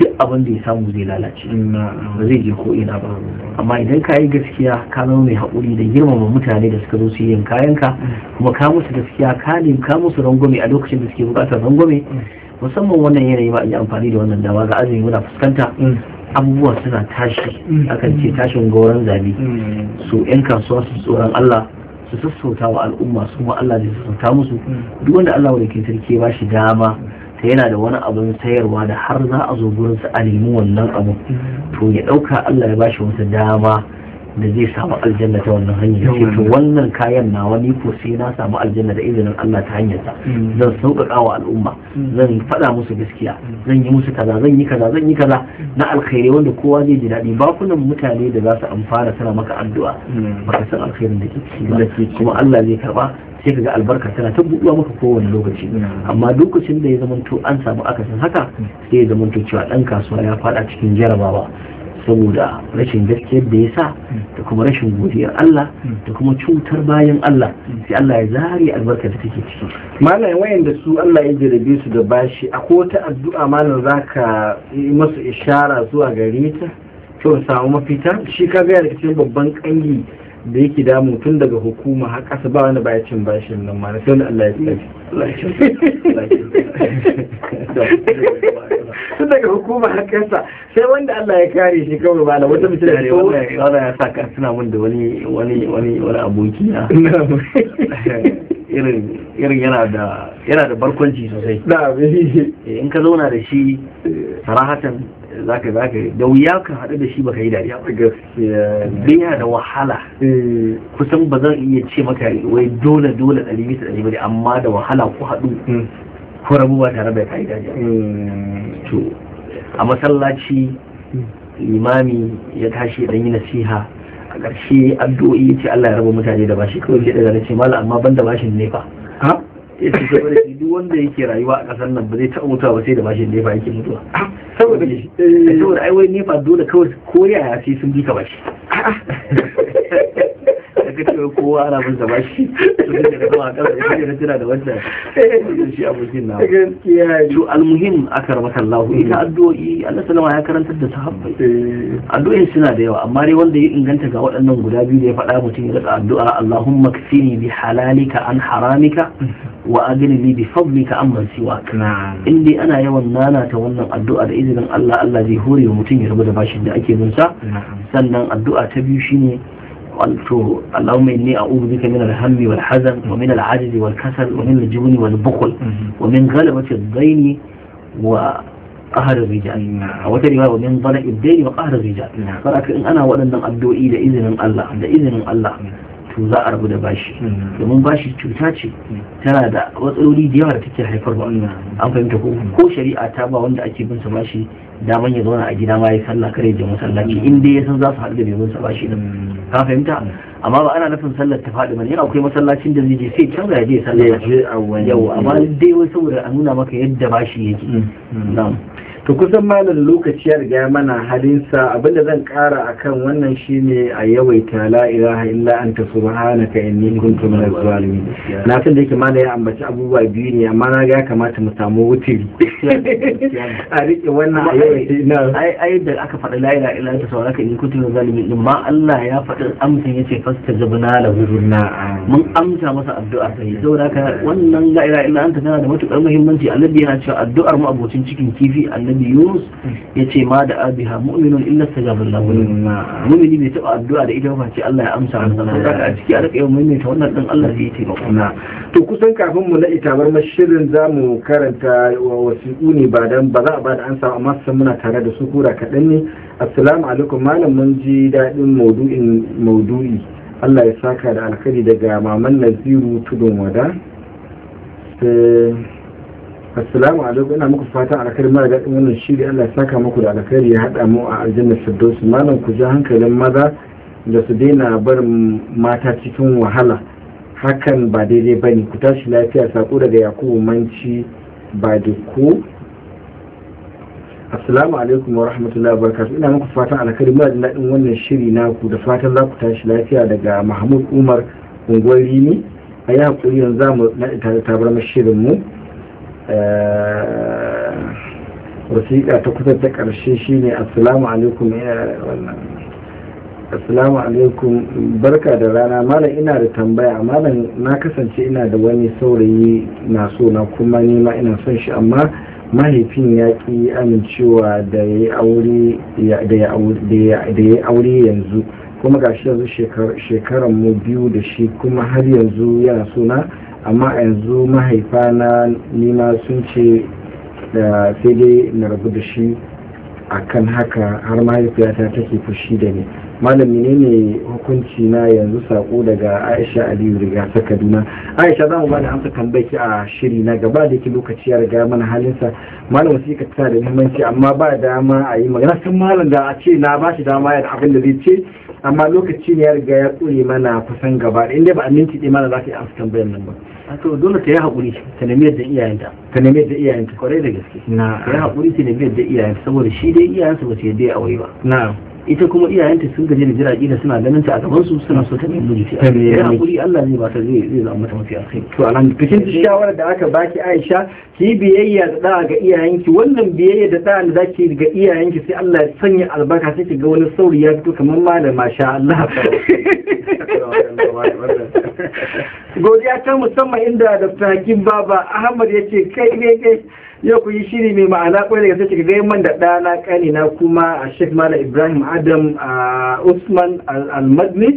duk abin da ya samu zai lalace ba zai je ko ina ba amma idan ka yi gaskiya ka zama mai haƙuri da girmama mutane da suka zo su yin kayanka mm. kuma ka musu gaskiya ka ne ka musu rangwame a lokacin da suke buƙatar rangwame mm. musamman wannan yanayi ba a yi amfani da wannan dama ga azumi muna fuskanta abubuwa suna tashi akan ce tashin gauran zabi so 'yan kasuwa su tsoron Allah su sassauta wa al'umma su ma Allah zai sassauta musu duk wanda Allah wanda ke sarki ba shi dama ta yana da wani abin sayarwa da har za a zo gurin su a nemi wannan abin to ya ɗauka Allah ya ba shi wata dama da zai samu aljanna ta wannan hanyar shi to wannan kayan na wani ko sai na samu aljanna da izinin Allah ta hanyar ta mm. zan sauƙaƙa wa al'umma mm. zan faɗa musu gaskiya mm. zan yi musu kaza zan yi kaza zan yi kaza na alkhairi wanda kowa zai ji daɗi ba bakunan mutane da za su amfana tana maka addu'a baka san alkhairin da kike kuma Allah zai karba sai kaga albarka tana ta buɗuwa maka kowane lokaci amma lokacin da ya zamanto an samu akasin haka sai ya zamanto cewa ɗan kasuwa ya faɗa cikin jarabawa saboda rashin gaskiyar da ya sa da kuma rashin godiyar Allah da kuma cutar bayan Allah sai Allah ya zari albarka da take ciki malam wayanda su Allah ya jarabe su da bashi akwai wata addu'a malam zaka yi masu ishara zuwa gare ta to samu mafita shi ka ga daga cikin babban kangi da yake damu tun daga hukuma har kasa ba wani baya cin bashin nan ma sai wani Allah ya tsaye. tun daga hukuma har kasa sai wanda Allah ya kare shi kawai ba wata mutum da ko wanda ya sa ka suna mun da wani wani wani wani aboki na irin irin yana da yana da barkwanci sosai eh, in ka zauna da shi eh. sarahatan zaka zaka da wuya ka haɗu da shi ba ka yi dariya dan yana da wahala eh. kusan ba zan iya ce maka wai dole dole ɗari bisa ɗari bane amma da wahala ku haɗu hmm. ko rabu ba tare da ka yi dariya hmm. to a masallaci hmm. limami ya tashi dan yi nasiha a ƙarshe addu'o'i ya ce Allah ya raba mutane da bashi kawai da na ce mala amma ban da bashin ne fa ya ce saboda shi duk wanda yake rayuwa a ƙasar nan ba zai taɓa mutuwa ba sai da bashin nefa yake mutuwa saboda eh, ai wai nefa dole kawai ko yaya sai sun bi ka bashi ga cewa kowa ana bin sa bashi su ne zama a kasa ya kira da shi abokin na gaskiya to almuhim aka rabata Ina addu'o'i Allah sallama ya karantar da sahabbai eh. addu'o'in suna da yawa amma dai wanda ya inganta ga waɗannan guda biyu da ya faɗa mutum ya rika addu'a Allahumma kfini bi halalika an haramika wa agilini bi fadlika amman siwak in dai ana yawan nana ta wannan addu'a da izinin Allah Allah zai hore wa mutum ya rabu da bashin da ake bin sa sannan addu'a ta biyu shine wato alaumai ne a uru bika min alhammi wal hazan wa min alajiji wal kasal wa min aljibni wal wa min ghalabati dhaini wa qahr rijal a wata riwaya wa min dhalai dhaini wa qahr rijal saraka in ana waɗannan addu'o'i da izinin Allah da izinin Allah to za a rubuta bashi domin bashi cuta ce tana da wasaruri da yawa da take haifar haifarwa an fahimta ko shari'a ta ba wanda ake bin sa bashi daman ya zauna a gida ma ya sallah kare je masallaci in dai san za su haɗu da sa ba shi ka fahimta amma ba ana nufin sallar ta faɗi bane yana akwai masallacin da zai je sai canza ya je sallar yawa amma dai wai saboda a nuna maka yadda bashi yake mm, mm. na'am to kusan malam lokaci ya riga mana halinsa abinda zan kara akan wannan shine a yawaita la ilaha illa anta subhanaka inni kuntu minaz zalimin na san da yake malam ya ambaci abubuwa biyu ne amma na ga kamata mu samu wuti. a rike wannan a yawaita ai ai da aka faɗi la ilaha illa anta subhanaka inni kuntu minaz zalimin din ma Allah ya faɗa amsa yace fastajabna lahu mun amsa masa addu'a sai saboda haka wannan la ilaha illa anta tana da matukar muhimmanci annabi yana cewa addu'ar mu abocin cikin kifi annabi annabi yunus ya ce ma da abiha mu'minun illa sajabal lahu mu'mini mai taba addu'a da ita ba ce Allah ya amsa masa da a ciki a rika mai maimaita wannan dan Allah zai taimako na to kusan kafin mu na itabar mashirin zamu karanta wasu ne ba dan ba za a ba da an samu amma san muna tare da su kura kaɗan ne assalamu alaikum malam mun ji daɗin maudu'in maudu'i Allah ya saka da alkhairi daga maman Naziru tudun wada assalamu alaikum ina muku fatan alkhairi mara daɗin wannan shiri Allah ya saka muku da alkhairi ya haɗa mu a aljanna firdaus malam ku ji hankalin maza da su daina barin mata cikin wahala hakan ba daidai ba ne ku tashi lafiya sako daga yakubu manci ba da ku assalamu alaikum wa rahmatullahi wa ina muku fatan alkhairi mara daɗin wannan shiri naku da fatan za ku tashi lafiya daga mahmud umar unguwar rimi a yi haƙuri yanzu za mu naɗa tabar shirin mu Eh, wasiƙa ta kusa ta ƙarshe shi ne assalamu alaikum assalamu alaikum barka da rana malam ina da tambaya malam na kasance ina da wani saurayi na so na kuma nima ina son shi amma mahaifin ya ƙi amincewa da ya aure yanzu kuma gashi yanzu shekaran mu biyu da shi kuma har yanzu yana suna amma a yanzu mahaifa na nima sun ce da sai dai na rabu da shi a kan haka har mahaifiyata take fushi da ni malami ne ne hukunci na yanzu sako daga aisha aliyu riga ta kaduna aisha za mu ba da amsa tambaki a shiri na gaba da yake lokaci ya riga mana halinsa malam wasu ka tana da muhimmanci amma ba dama a yi magana sun malam da a ce na ba shi dama yadda abin da zai ce amma lokaci ne ya riga ya tsure mana kusan gaba inda ba a minti ɗaya malam za ka yi amsa tambayar nan ba a to dole ta yi haƙuri ta nemi yadda iyayenta ta nemi yadda iyayenta kwarai da gaske ta yi haƙuri ta nemi yadda iyayenta saboda shi dai iyayensa ba su yadda ya awai ba ita kuma iyayenta sun gaje da jiragi da suna ganin ta a gaban su suna so ta nemi miji ta ya Allah zai ba ta zai zai zama mata mafi alkhairi to anan cikin shawara da aka baki Aisha ki biyayya da da ga iyayenki wannan biyayya da da da zaki ga iyayenki sai Allah ya sanya albarka sai ki ga wani sauri ya fito kamar malama sha Allah godiya ta musamman inda Dr. Hakim Baba Ahmad yace kai ne kai yau ku yi shiri mai ma'ana kwai daga sai kika man da ɗana na kuma a Sheikh Malam Ibrahim Adam a Usman Al-Madni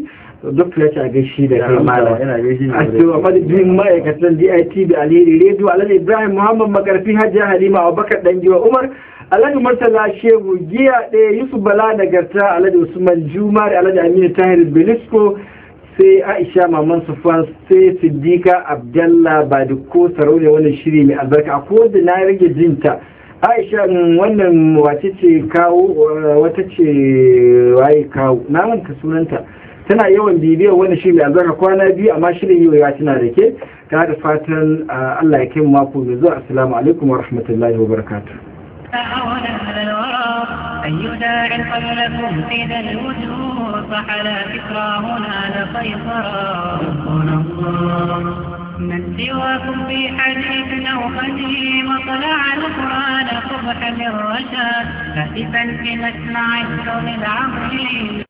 duk ya ci a gaishe da kai malam a cewa biyun ma'aikatan DITB aliyu Radio Alhaji Ibrahim Muhammad Makarfi Hajji Halima Abubakar giwa Umar Alhaji Murtala Shehu Giya ɗaya Yusuf Bala da gata Alhaji Usman Juma da Alhaji Aminu Tahir belisco sai aisha maman sufan sai siddika abdalla ba da ko sarauniya wani shiri mai albarka a kowace na rage jinta aisha wannan wace ce kawo wata ce waye kawo na manta sunanta tana yawan bibiyar wani shiri mai albarka kwana biyu amma shirin yi wa tana da ke ta da fatan ah, allah ya kai mako mai zuwa assalamu alaikum wa rahmatullahi wa barakatuh تسعون أهل الورى أي دار قبلكم في ذا الوجود فحلا فكراهنا لقيصرا ربنا من سواكم في حديث أو قديم طلع القرآن صبحا للرشاد هاتفا في مسمع الكون العظيم